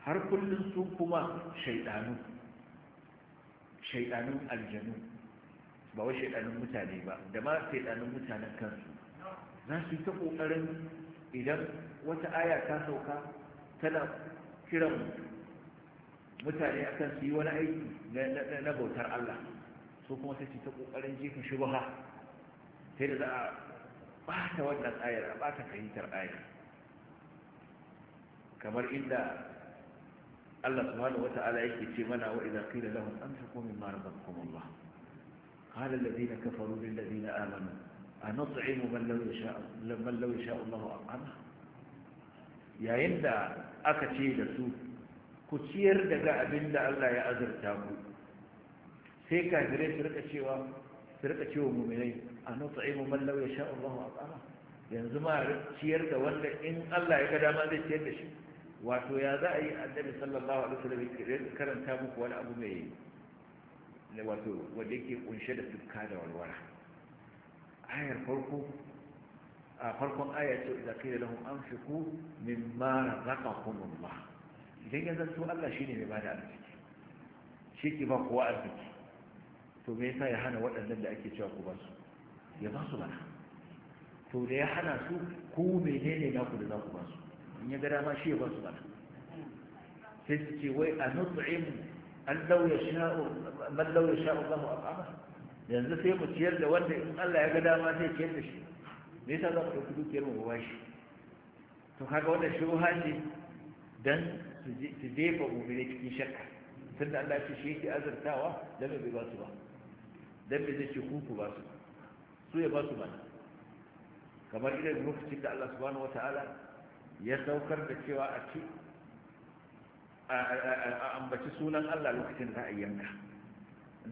har kullum su kuma shaidanu shaidanun aljanu ba wa shaidanun mutane ba da ma shaidanun mutanen kansu za su yi ta ƙoƙarin idan wata aya ta sauka tana kiran mutane akan su yi wani aiki na bautar Allah so kuma sai su ta ƙoƙarin jefa shubaha sai da za a ɓata wannan ayar a bata fahimtar ayar kamar inda Allah subhanahu wata'ala yake ce mana wa idza qila lahum anfiqu mimma razaqakum Allah qala alladhina kafaru lil ladina amanu anut'imu man law yasha man law yasha Allah aqama yayin da aka ce da su ku ciyar daga abin da Allah ya azurta ku sai ka kafirai su rika cewa su rika cewa mu'minai anut'imu man law yasha Allah aqama yanzu ma ciyar da wanda in Allah ya ga dama zai ciyar da shi wato ya za a yi annabi sallallahu alaihi wasallam ya karanta muku wani abu mai wato wanda yake kunshe da tukka da walwala ayar farko a farkon aya ce da kai da lahum anfiqu mimma razaqakumullah idan ya zanto Allah shine mai bada arziki shi ke ba kowa arziki to me yasa ya hana waɗannan da ake cewa ku ba su ya ba su bana to da ya hana su ku menene ku da za ku ba su in ya gada ma shi ya basu ba. sai su ce wai a nut'im an lau ya sha'u man lau ya sha'u yanzu sai mu ciyar da wanda in Allah ya ga dama zai ciyar da shi me yasa za mu ɗauki dukiyar mu ba shi to kaga wannan shubha ce dan su jefa mu'mini cikin shakka tunda Allah ce shi yake azurtawa dan bai ba su ba dan bai zai ce ku ba su su ya ba su mana kamar irin lokacin da Allah subhanahu wataala ya saukar da cewa a ce, a ambaci sunan Allah lokacin za a yanka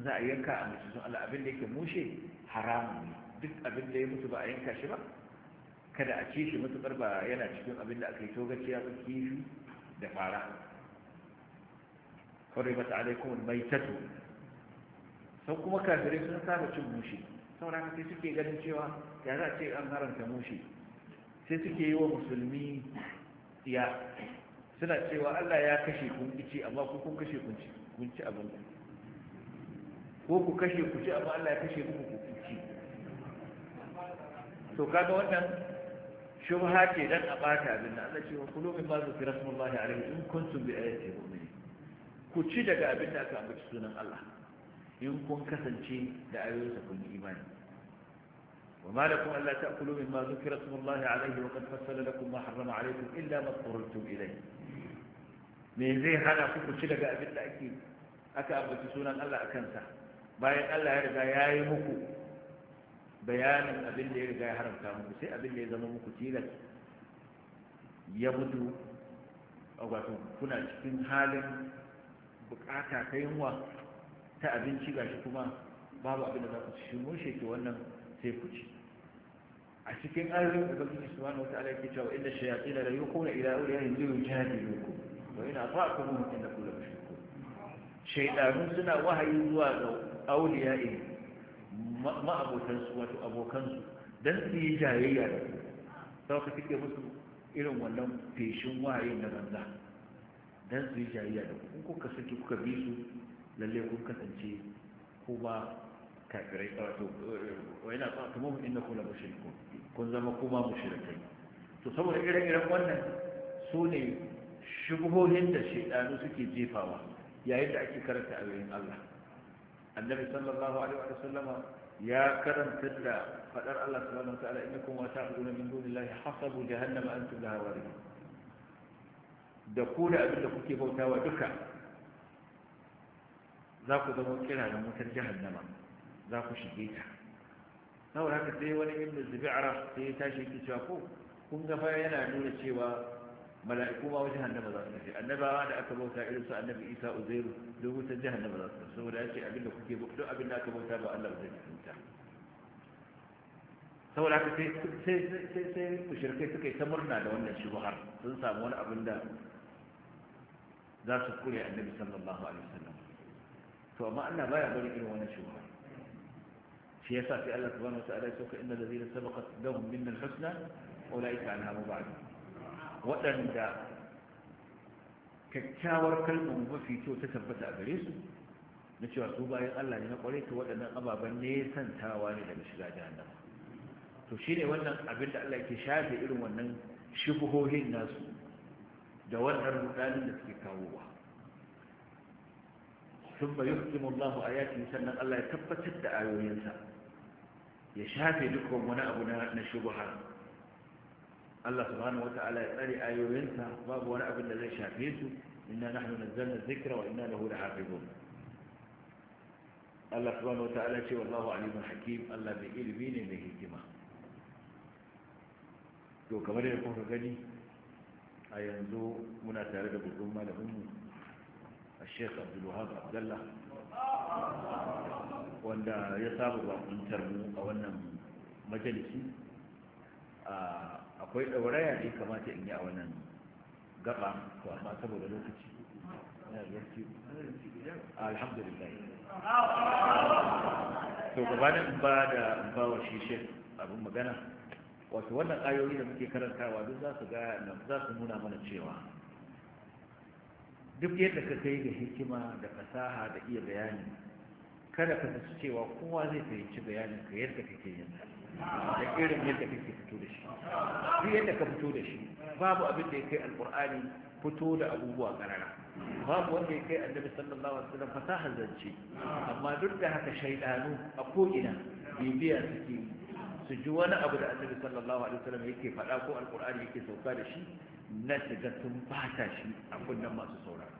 za a yanka a ambaci sunan Allah abin da yake mushe haramun ne duk abin da ya mutu ba a yanka shi ba kada a ci shi mutuƙar ba yana cikin abin da aka yi togaciya ba kifi da fara kawai ba ta alaikun mai tatu sau kuma kafirai sun saba cin mushe saura haka suke ganin cewa ya za a ce an haranta mushe sai suke yi wa musulmi ya suna cewa Allah ya kashe kun amma ku kun kashe kun ci kun ci abin da ko ku kashe ku ci amma Allah ya kashe ku ku ci to kaga wannan shubha ce dan a bata abin da Allah ce wa kullu min ma zikra smullahi alaihi in kuntum bi ayati mu'minin ku ci daga abin da aka ambaci sunan Allah in kun kasance da ayoyinsa kun imani وما لكم ألا تأكلوا مما ذكر اسم الله عليه وقد فصل لكم ما حرم عليكم إلا ما اضطررتم إليه من زي هذا كنت شلق أبدا أكيد أكا أبدا سونا ألا أكنسا باين ألا يرجع ياي مكو بيانا أبدا يرجع يحرم كامو سي أبدا يزمو مكو تيلك يبدو أو كنا cikin حالا bukata ta yunwa ta abinci gashi kuma babu abin كوانا za a cikin ayoyin ubangiji subhanahu wataala yake cewa inna shayatin la yuquna ila ba liyujadilukum wa in inda innakum la mushrikun shaydanu suna wahayi zuwa ga awliyahim ma'abotan su wato abokan su dan su yi jayayya da su sauka suke musu irin wannan feshin wahayin na banza don su yi jayayya da ku kuka saki kuka bi su lalle kun kasance ba kafirai wato wa ina ta'tumuhum kula la mushrikun kun zama kuma mushrikai to saboda ire-iren wannan su ne shubuhohin da shaidanu suke jefawa yayin da ake karanta ayoyin Allah annabi sallallahu alaihi wa sallama ya karanta da fadar Allah subhanahu wa ta'ala innakum wa ta'buduna min dunillahi hasabu jahannama antum laha waridun da ku da abin da kuke bautawa duka za ku zama kira kiranin wutar jahannama za ku shige ta saboda haka sai wani ibn zubi'ara sai ya tashi yake cewa ko kun ga fa yana nuna cewa mala'iku ma wajen hannama za su tafi annabawa da aka bauta irin su annabi isa uzairu duk wutar jahannama za su tafi saboda ya ce abinda kuke duk abinda aka bauta ba allah zai fahimta saboda haka sai sai mushrikai suka yi ta murna da wannan shubuhar sun samu wani abin da za su kure annabi sallallahu alaihi wasallam to amma allah baya bari irin wannan shubuhar shi yasa sai Allah subhanahu wa ta'ala ya soka innal ladina sabaqat lahum minna al-husna ulaika anha mubadun wadanda kyakkyawar kalmar mafi kyau ta tabbata a gare su na cewa su bayan Allah ne na kwarai to waɗannan ababen nesantawa ne daga shiga jahannama to shi ne wannan abin da Allah ke shafe irin wannan shubuhohin nasu da wannan rudanin da suke kawowa sun bayu hikimu Allah a yaki sannan Allah ya tabbatar da ayoyinsa ya shafe dukkan wani abu na shubha Allah subhanahu wata'ala ya tsare ayoyinsa babu wani abin da zai shafe su inna nahnu nazzalna dhikra wa inna lahu lahafizun Allah subhanahu wata'ala ce wallahu alimun hakim Allah mai ilimi ne mai hikima to kamar da kuka gani a yanzu muna tare da gudun malamin mu الشيخ عبد الوهاب عبد wanda ya saba bakuntar mu a wannan majalisi akwai ɗauraya ne kamata in yi a wannan gaba to amma saboda lokaci alhamdulillah to gabanin ba da ba wa shi shi abin magana wato wannan ayoyi da muke karantawa duk za su ga za su nuna mana cewa duk yadda ka kai da hikima da fasaha da iya bayani kada ka zaci cewa kowa zai fahimci bayanin ka yadda kake yin da irin yadda kake fito da shi duk yadda ka fito da shi babu abin da ya kai alkur'ani fito da abubuwa karara babu wanda ya kai annabi sallallahu alaihi wasallam fasaha zance amma duk da haka shaydanu a ko ina bibiya suke su ji wani abu da annabi sallallahu alaihi wasallam yake faɗa ko alkur'ani yake sauka da shi na shiga sun bata shi a kunnen masu sauraro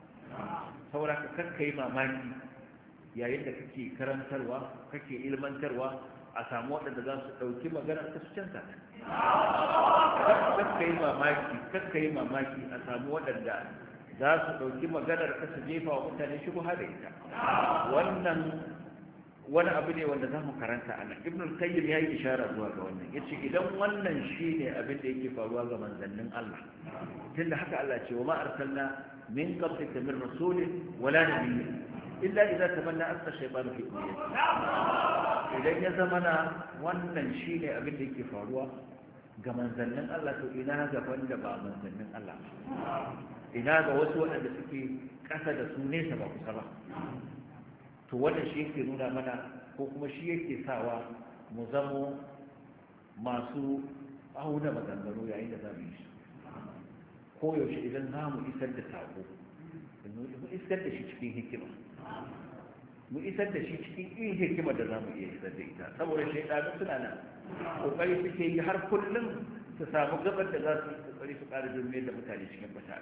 saura ka kakkai mamaki yayin da kake karantarwa kake ilmantarwa a samu waɗanda za su ɗauki magana ta su canta kakka yi mamaki kakka yi mamaki a samu waɗanda za su ɗauki maganar ta su jefa wa mutane shi da ita wannan wani abu ne wanda za mu karanta a nan ibnul qayyim ya yi ishara zuwa ga wannan ya ce idan wannan shi ne abin da yake faruwa ga manzannin allah tunda haka allah ce wa ma arsalna min qablika min rasulin wala nabiyyin illa idan ta ya zama wannan shi ne abin da yake faruwa ga manzannin Allah to ina ga wanda ba manzannin Allah ina ga wasu waɗanda suke ƙasa da su nesa ba kusa ba to wannan shi yake nuna mana ko kuma shi yake sawa mu zamo masu auna maganganu yayin da za mu koyaushe idan za mu isar da sako isar da shi cikin hikima mu isar da shi cikin iya hikimar da za mu iya isar da ita saboda shaidanu suna nan kokari suke yi har kullum su samu gabar da za su yi kokari su ƙara jirgin da mutane cikin bata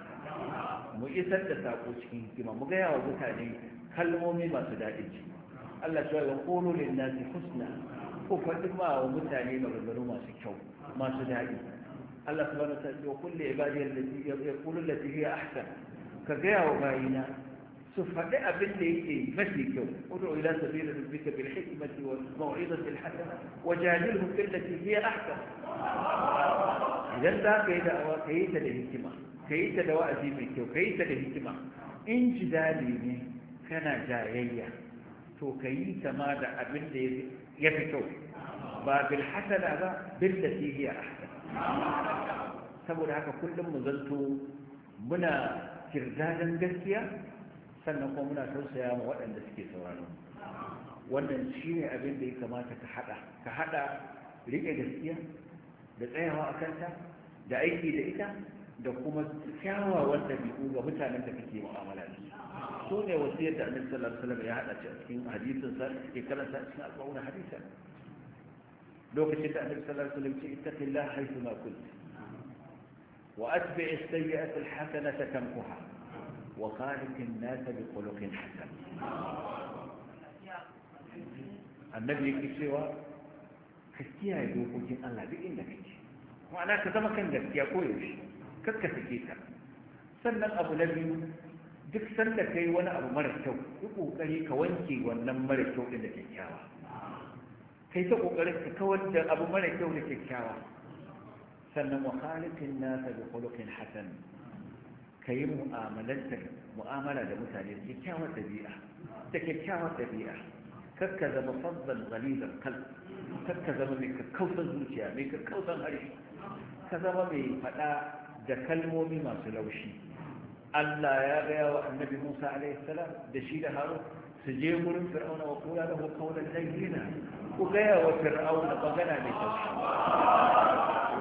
mu isar da sako cikin hikima mu gaya wa mutane kalmomi masu daɗin ci Allah yi wa qulu lin nasi husna ko faɗi ma wa mutane maganganu masu kyau masu daɗi Allah subhanahu wa ta'ala ya kulli ibadiyal lati yaqulu lati hiya ahsan ka gaya wa bayina شوف هتلاقى بين ايه ماشي الجو ادعو الى سبيل ربك بالحكمه والموعظه الحسنه وجادلهم بالتي هي احسن اذا انت كيد كيد الاهتمام كيد دواء ذيبك وكيد الاهتمام ان جدالي كان جاهليا تو كيد ماذا دعا بين يفتو باب الحسنه هذا بالتي هي احسن سبب هذا كل مزلت منا كردادا قسيه sannan kuma muna tausaya ma waɗanda suke sauraron. wannan shi ne abin da ya kamata ka haɗa ka haɗa riƙe gaskiya da tsayawa a kanta da aiki da ita da kuma kyawawan ɗabi'u ga mutanen da kake mu'amala da su ne wasiyar da annabi sallallahu alaihi wasallam ya haɗa a cikin hadisin sa ke karanta a cikin alƙawarin hadisa lokacin da annabi sallallahu alaihi wasallam ce ittaqillah haythu ma kunt wa atbi' as-sayyi'ata al-hasanata tamkuha وخالق الناس بخلق حسن annabi yake cewa ka kiyaye dokokin Allah duk inda kake ma'ana ka zama kan gaskiya ko yaushe kar ka sake ta sannan abu na biyu duk sanda kai wani abu mara kyau yi kokari ka wanke wannan mara kyau din da kyakkyawa kai ta kokarin ka kawar da abu mara kyau da kyakkyawa sannan wa khaliqin nasa bi khuluqin hasan ka yi mu'amalantar mu'amala da mutane kyakkyawar ɗabi'a da kyakkyawar ɗabi'a kakka zama fadlan zalizar kal kakka zama mai kakkautar zuciya mai kakkautar harshe ka zama mai faɗa da kalmomi masu laushi Allah ya gaya wa annabi Musa alaihi salam da shi da Harun سجيم فرعون وقول له قولا لينا وقيا وفرعون بغنى لتشهد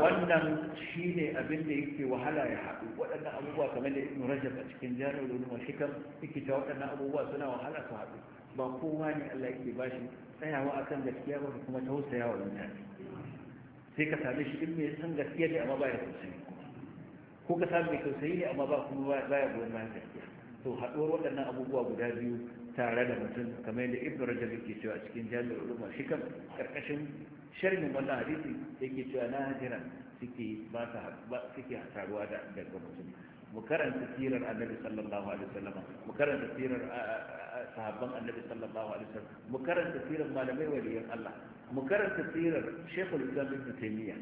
وانم شيني ابن ليكي وحلا يا حبيب وانا ابوها كمان ابن رجب اشكن جانو لون والحكم اكي جاوت انا ابوها سنة وحلا صحابي بقواني الله يكي باشي ايها هو اكن جسكيا وحكومة هو سياوة الناس سيكا سابيش امي سنة جسكيا دي اما بايا كوسيني كوكا سابيش كوسيني اما بايا كوسيني تو حدور وانا ابوها قدابيو tare da mutum kamar yadda ibnu rajab yake cewa cikin jami'ar ulama shi kan karkashin sharhin wannan hadisi yake cewa na hajira suke ba ta suke taruwa da daga mutum mu karanta sirar annabi sallallahu alaihi wasallam mu karanta sirar sahabban annabi sallallahu alaihi wasallam mu karanta sirar malamai waliyan Allah mu karanta sirar shaykhul islam ibn taymiyyah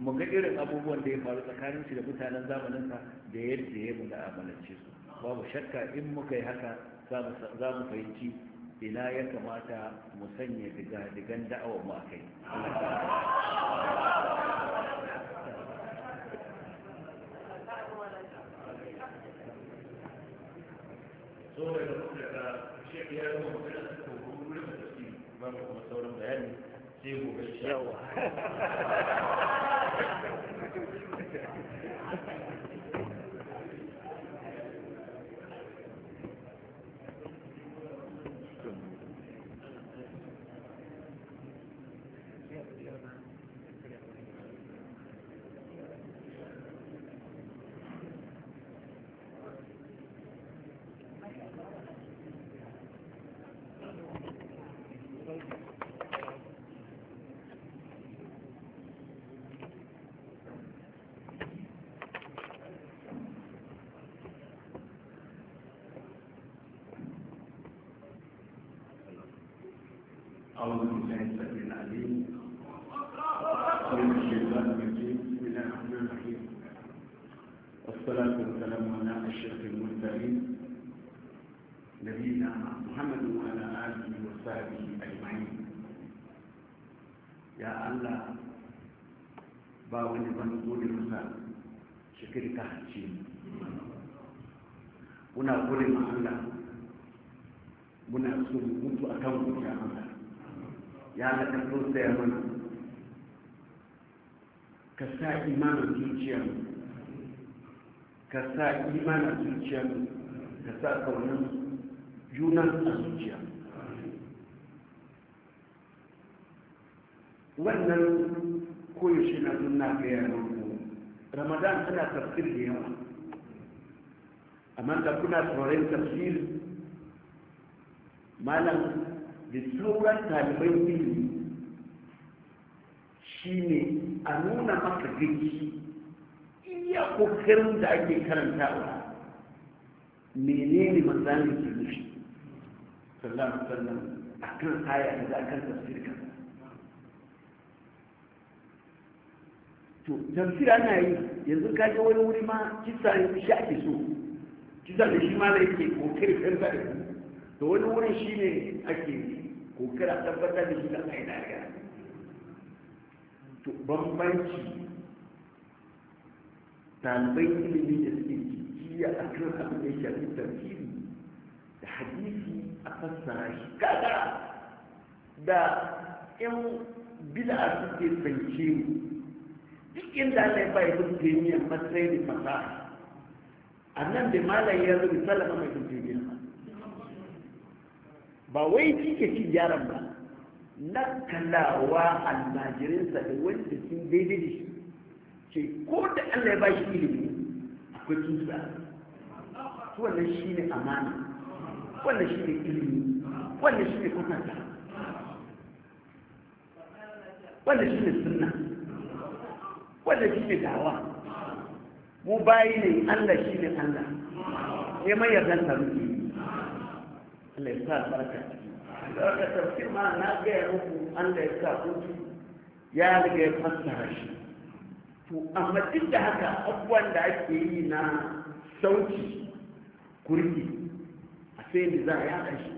mu ga irin abubuwan da ya faru tsakanin shi da mutanen zamaninsa da yadda ya mu da amalance su babu shakka in muka yi haka za mu fahimci ina ya kamata mu sanya digadigan da'awar mu a kai. da magana da da sauran bayani sai gobe shi yawa وعلى أشرف المرسلين نبينا محمد وعلى آله وصحبه أجمعين يا الله باوني بنزول المسال شكري كهتشين muna gure ma Allah muna so mutu a kan wuta ya Allah ka so mana ka sa imanin zuciyarmu ka sa imanin mu, ka sa kaunin junan zuciya wannan koyaushe na nuna ga yaran ramadan tana tafsir da yawa amma da kuna tsoron tafsir malam da sauran taliban ilimi shi ne a nuna maka gaji iya kokarin da ake karantawa menene ne da ke nufi sallallahu alaihi a kan aya da kan tafsir kan to tafsir ana yi yanzu ka ga wani wuri ma kisa ne shi ake so kisa ne shi ma da yake kokarin kan da to wani wurin shi ne ake kokarin tabbatar da shi da kai da to bambanci talibai ilimin da suke jijiya a kan abin da ya shafi tafsiri da hadisi a fassara shi kada da yan a suke fance mu duk inda Allah ya bai ibn a matsayin fasa a nan da malam ya zo salama mai ibn taymiya ba wai shi ke ci yaran ba na kallawa almajirinsa da wanda sun daidai da shi ce ko da Allah ya shi ilimi akwai tuntuɓe wannan shi ne amana wannan shi ne ilimi wannan shi ne kwanata wannan shi ne suna wannan shi ne dawa mu bayi ne Allah shi ne Allah ya mai yardan taruki Allah ya sa baraka baraka tafsir ma na ga muku Allah ya sa kunci ya riga ya fassara shi amma duk da haka abubuwan da ake yi na sauki kurki a sai da za a yaka shi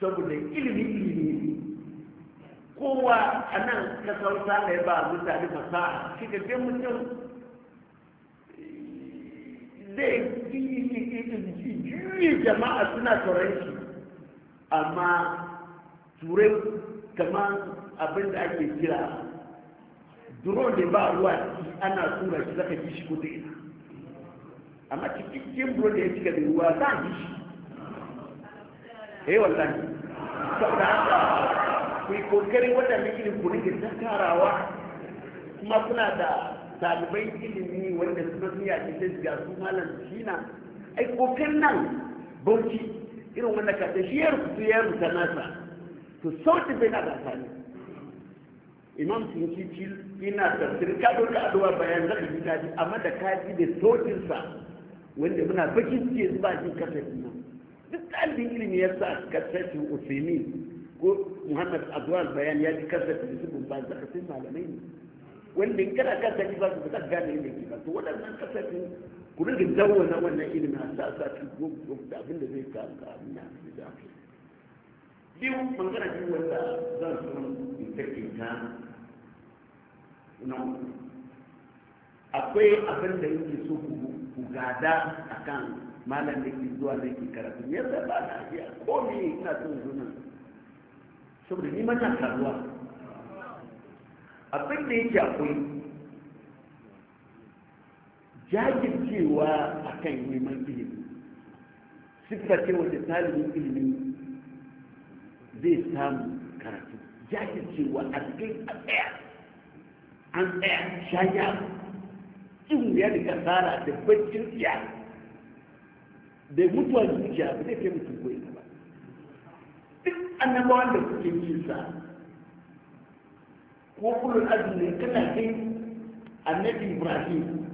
saboda ilimi ilimi kowa a nan ka sauta da ya ba mutane fasaha shi ga dai mutum zai yi jama'a suna tsoron shi amma turai kamar abin da ake kira drone da ba ruwa ana tura shi zaka ji shi ko da ina amma cikin drone da ya cika da ruwa za a ji shi eh wallahi saboda haka ku yi kokarin waɗannan irin ku rike tattarawa kuma kuna da talibai ilimi wanda su na duniya ke sai ga su malam shina ai kokarin nan bauchi irin wanda ka ta shi ya rubuta nasa to sautin bai na da amfani imam ci ina tafsir ka ɗauka addu'a bayan zaka ji daji amma da kaji da sa wanda muna bakin ce ba jin kafa nan duk ɗalibin ilimi ya sa kasafin usaini ko muhammad addu'a bayan ya ji kasafin su ba zaka sai malamai ne wanda in kana kasafi ba su ba gane ilimi ba to kafa kasafin ku rinka dawwana wannan ilimin a sa sa ki gobe da abin da zai ka abin da zai ka biyu magana biyu wanda zan so in taƙaita akwai abin da yake so ku gada a kan malam da ke zuwa da ke karatu ne da ba na iya ko ne ina son zuna saboda ni mana karuwa abin da yake akwai jajircewa a kan neman ilimi siffa ce wanda talibin ilimi zai samu karatu jajircewa a cikin a tsaya an tsaya shaya in ya da kasara da bakin tsiya da mutuwa zuciya ba zai kai mutum ko ba duk annabawan wanda kuke yi sa ko kullum azumi kana kai annabi ibrahim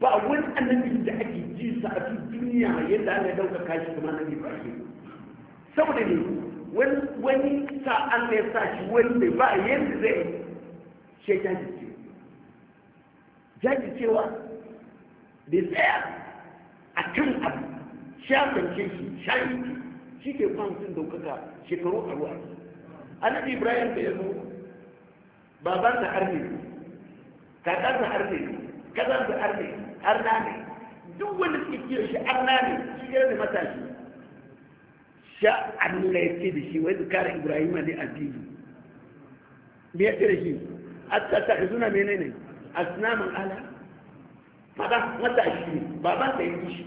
ba wani annabi da ake ji sa a cikin duniya yadda ana ɗaukaka shi kamar annabi ibrahim saboda ne wani sa an ya sa shi wani ba yadda zai shi jajircewa jajircewa da tsaya a kan abu shafance shi shayi shi ke kwamfin daukaka shekaru a ruwa annabi ibrahim da ya zo baban da arne kakar da arne kazan da arne arna ne duk wani suke shi arna ne shi ne matashi sha Allah ya ce da shi wai zukara ibrahim ne addini me ya ce da shi attakhizuna menene asnaman ala fada mata shi baba ta yi shi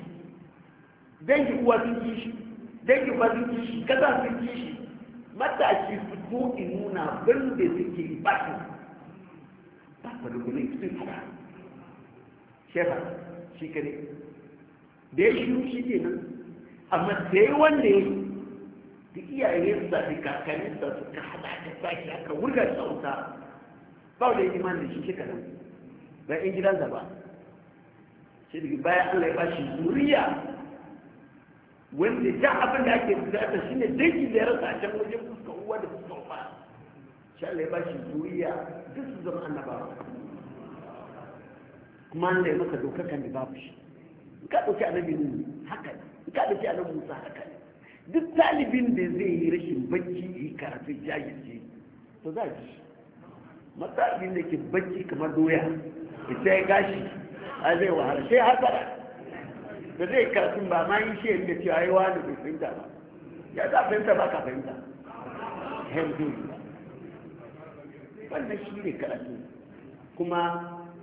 dangi uwa sun yi shi dangi uwa sun yi shi kaza sun yi shi matashi su zo in nuna bin da suke ba su ba ku da kuma sun fada shefa shi kare da ya shi shi ke nan amma da ya wanda ya da iyayensa da kakaninsa suka hada da sashi aka wurga sauta ba wanda ya imani da shi shi kanan ba in gidansa ba shi daga bayan Allah ya ba shi zuriya wanda ja abin da ake zata shi ne dangi da zai rasa a can wajen fuska uwa da fuska uba shi Allah ya ba shi zuriya duk su zama annabawa kuma Allah ya maka kan da babu shi ka ɗauki annabi ne haka ne ka ɗauki annabi musa haka ne duk talibin da zai yi rashin bacci yi karatu jahilci to za a ji matsafin da ke bacci kamar doya ita ya gashi a zai wahala sai hasara da zai karatun ba ma yi shi yadda cewa yi wani bai fahimta ba ya za fahimta ba ka fahimta hemdu wannan shi ne karatu kuma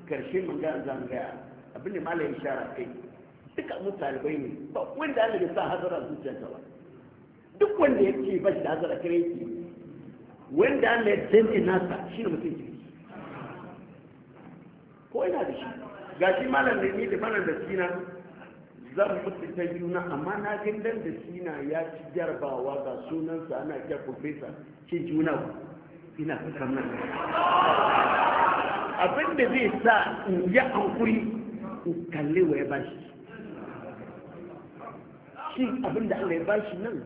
karshe magana zan gaya abin da ya shara kai a mutu talibai ne ba wanda ana da sa hazara zuciyarsa ba duk wanda ya ce ba shi da hazara kare yake wanda Allah ya danne nasa shi ne mutum ke ko ina da shi ga shi malam da ni da malam da sina zan mutu ta yuna amma na ga dan da sina ya ci jarbawa ga sunansa ana kira profesa ce juna ina kusan nan abin da zai sa in yi hankuri in kalle wa ya ba shi abin da Allah ya shi nan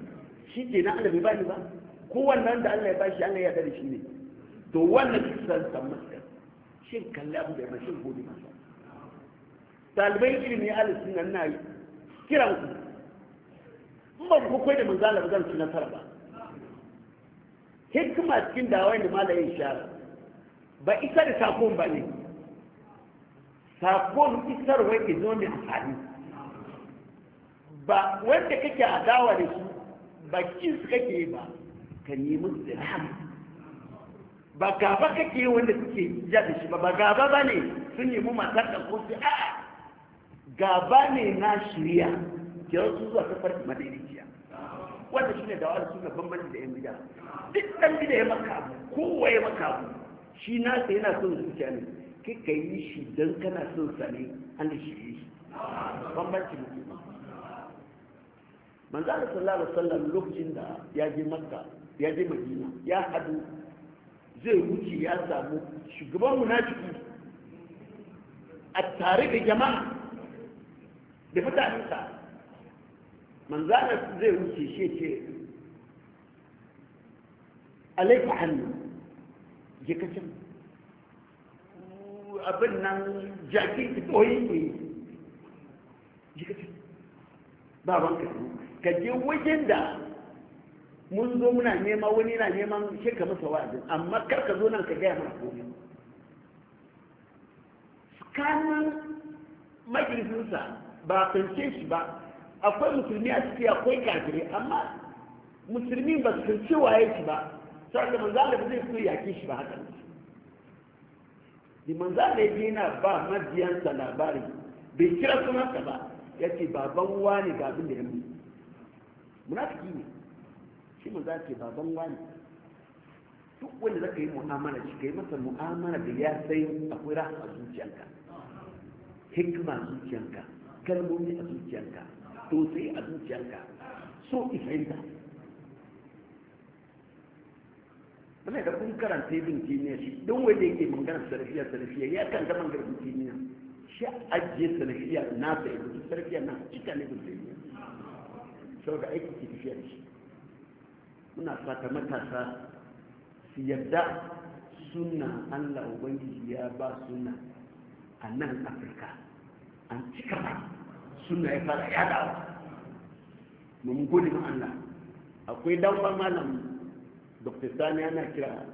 shi ke na Allah bai ni ba kowannan da Allah ya bashi Allah ya dare shi ne to wannan shi san san masa shin kalli abu da ya mashin gode masa talibai ilimin alisun nan na kiran ku ba ku kwai da manzala ba zan ci nasara ba hikima cikin dawai da malayin shara ba isa da sakon ba ne sakon isarwa ke zo a amfani ba wanda kake adawa da su ba kin su kake ba ka nemi da rahama ba gaba kake wanda suke ja da shi ba ba gaba ba ne sun nemi matar da ko a gaba ne na shirya ke wasu zuwa ta farki madaidaiciya wanda shi ne da wani suna bambanci da yan gida duk ɗan gida ya maka abu kowa ya maka abu shi nasa yana son zuciya ne kai ka yi shi don kana son sa ne an da shirye shi bambanci mutum manzo Allah sallallahu alaihi wasallam lokacin da ya je Makka ya je madina ya hadu zai wuce ya samu shugaban munafiki a tare da jama'a da mutanensa manzana zai wuce shi ce alaifu hannu je ka abin nan jaki ta tsoyi ne je ka can baban ka ka je wajen da mun zo muna nema wani na neman shi ka masa wa'azin amma kar ka zo nan ka gaya mana komai tsakanin majalisinsa ba kance shi ba akwai musulmi a ciki akwai kafirai amma musulmi ba su fahimce waye shi ba saboda manzo Allah zai so yake shi ba haka ne manzo Allah yana ba sa labari bai kira sunansa ba yace baban wani ga abin da ya munafiki ne shi ba za ce baban wani duk wanda ka yi mu'amala shi yi masa mu'amala da ya sai akwai rahama a zuciyanka hikima a zuciyanka kalmomi a zuciyanka tosai a zuciyanka so ifayinta wannan da kun karanta yin kimiyya shi don wai da yake mangana salafiya salafiya ya kan zama ga ibn kimiyya shi ajiye salafiya na sai ibn salafiya na cika ne ibn kimiyya saboda aiki ke tafiya da shi muna fata matasa su yadda suna allah ubangiji ya ba suna a nan afirka an cika ba suna ya fara yadawa mun gode ma allah akwai danwa malam dr sani ana kira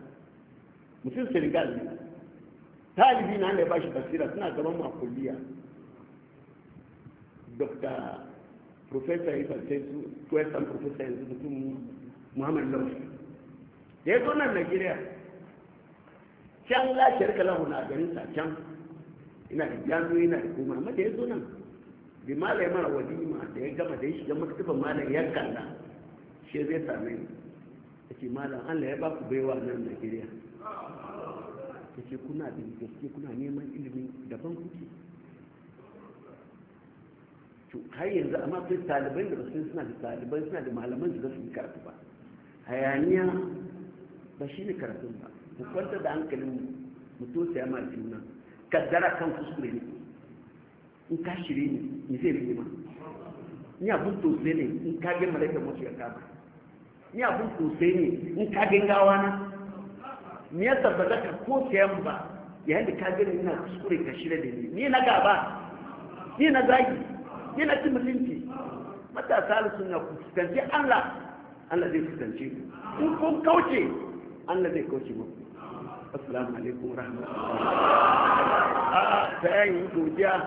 mutum senegal ne talibi na ya ba shi basira suna gaban makulliya dr professor ifa fasai su professor yanzu mutum muhammad lamus da ya zo nan nigeria can lashe rika lahu na garin sa can ina da jami'o ina da kuma amma da ya zo nan bi malai mara walima da ya gama da ya shiga maktaban malai ya kalla shi zai same ni ya ce malam allah ya ba ku baiwa nan nigeria ya ce kuna da gaske kuna neman ilimin daban kuke har yanzu amma sai taliban da basu suna da taliban suna da malaman da za su yi karatu ba hayaniya ba shi ne karatun ba mu kwanta da hankalin mu to sai ma juna kaddara kan kuskure ne in ka shiri ne ni zai rige ma ni abun to ne in ka ga malaika mutu ya kama ni abun to ne in ka ga gawa na ni ya tabbata ka ko sayan ba yayin da ka ga ni ina kuskure ka shirya da ni ni na gaba ni na zagi ni na cin mutunci matasa alisun na fuskanci Allah Allah zai kusance ku in kun kauce Allah zai kauce muku assalamu alaikum rahmatullahi a ta yayin godiya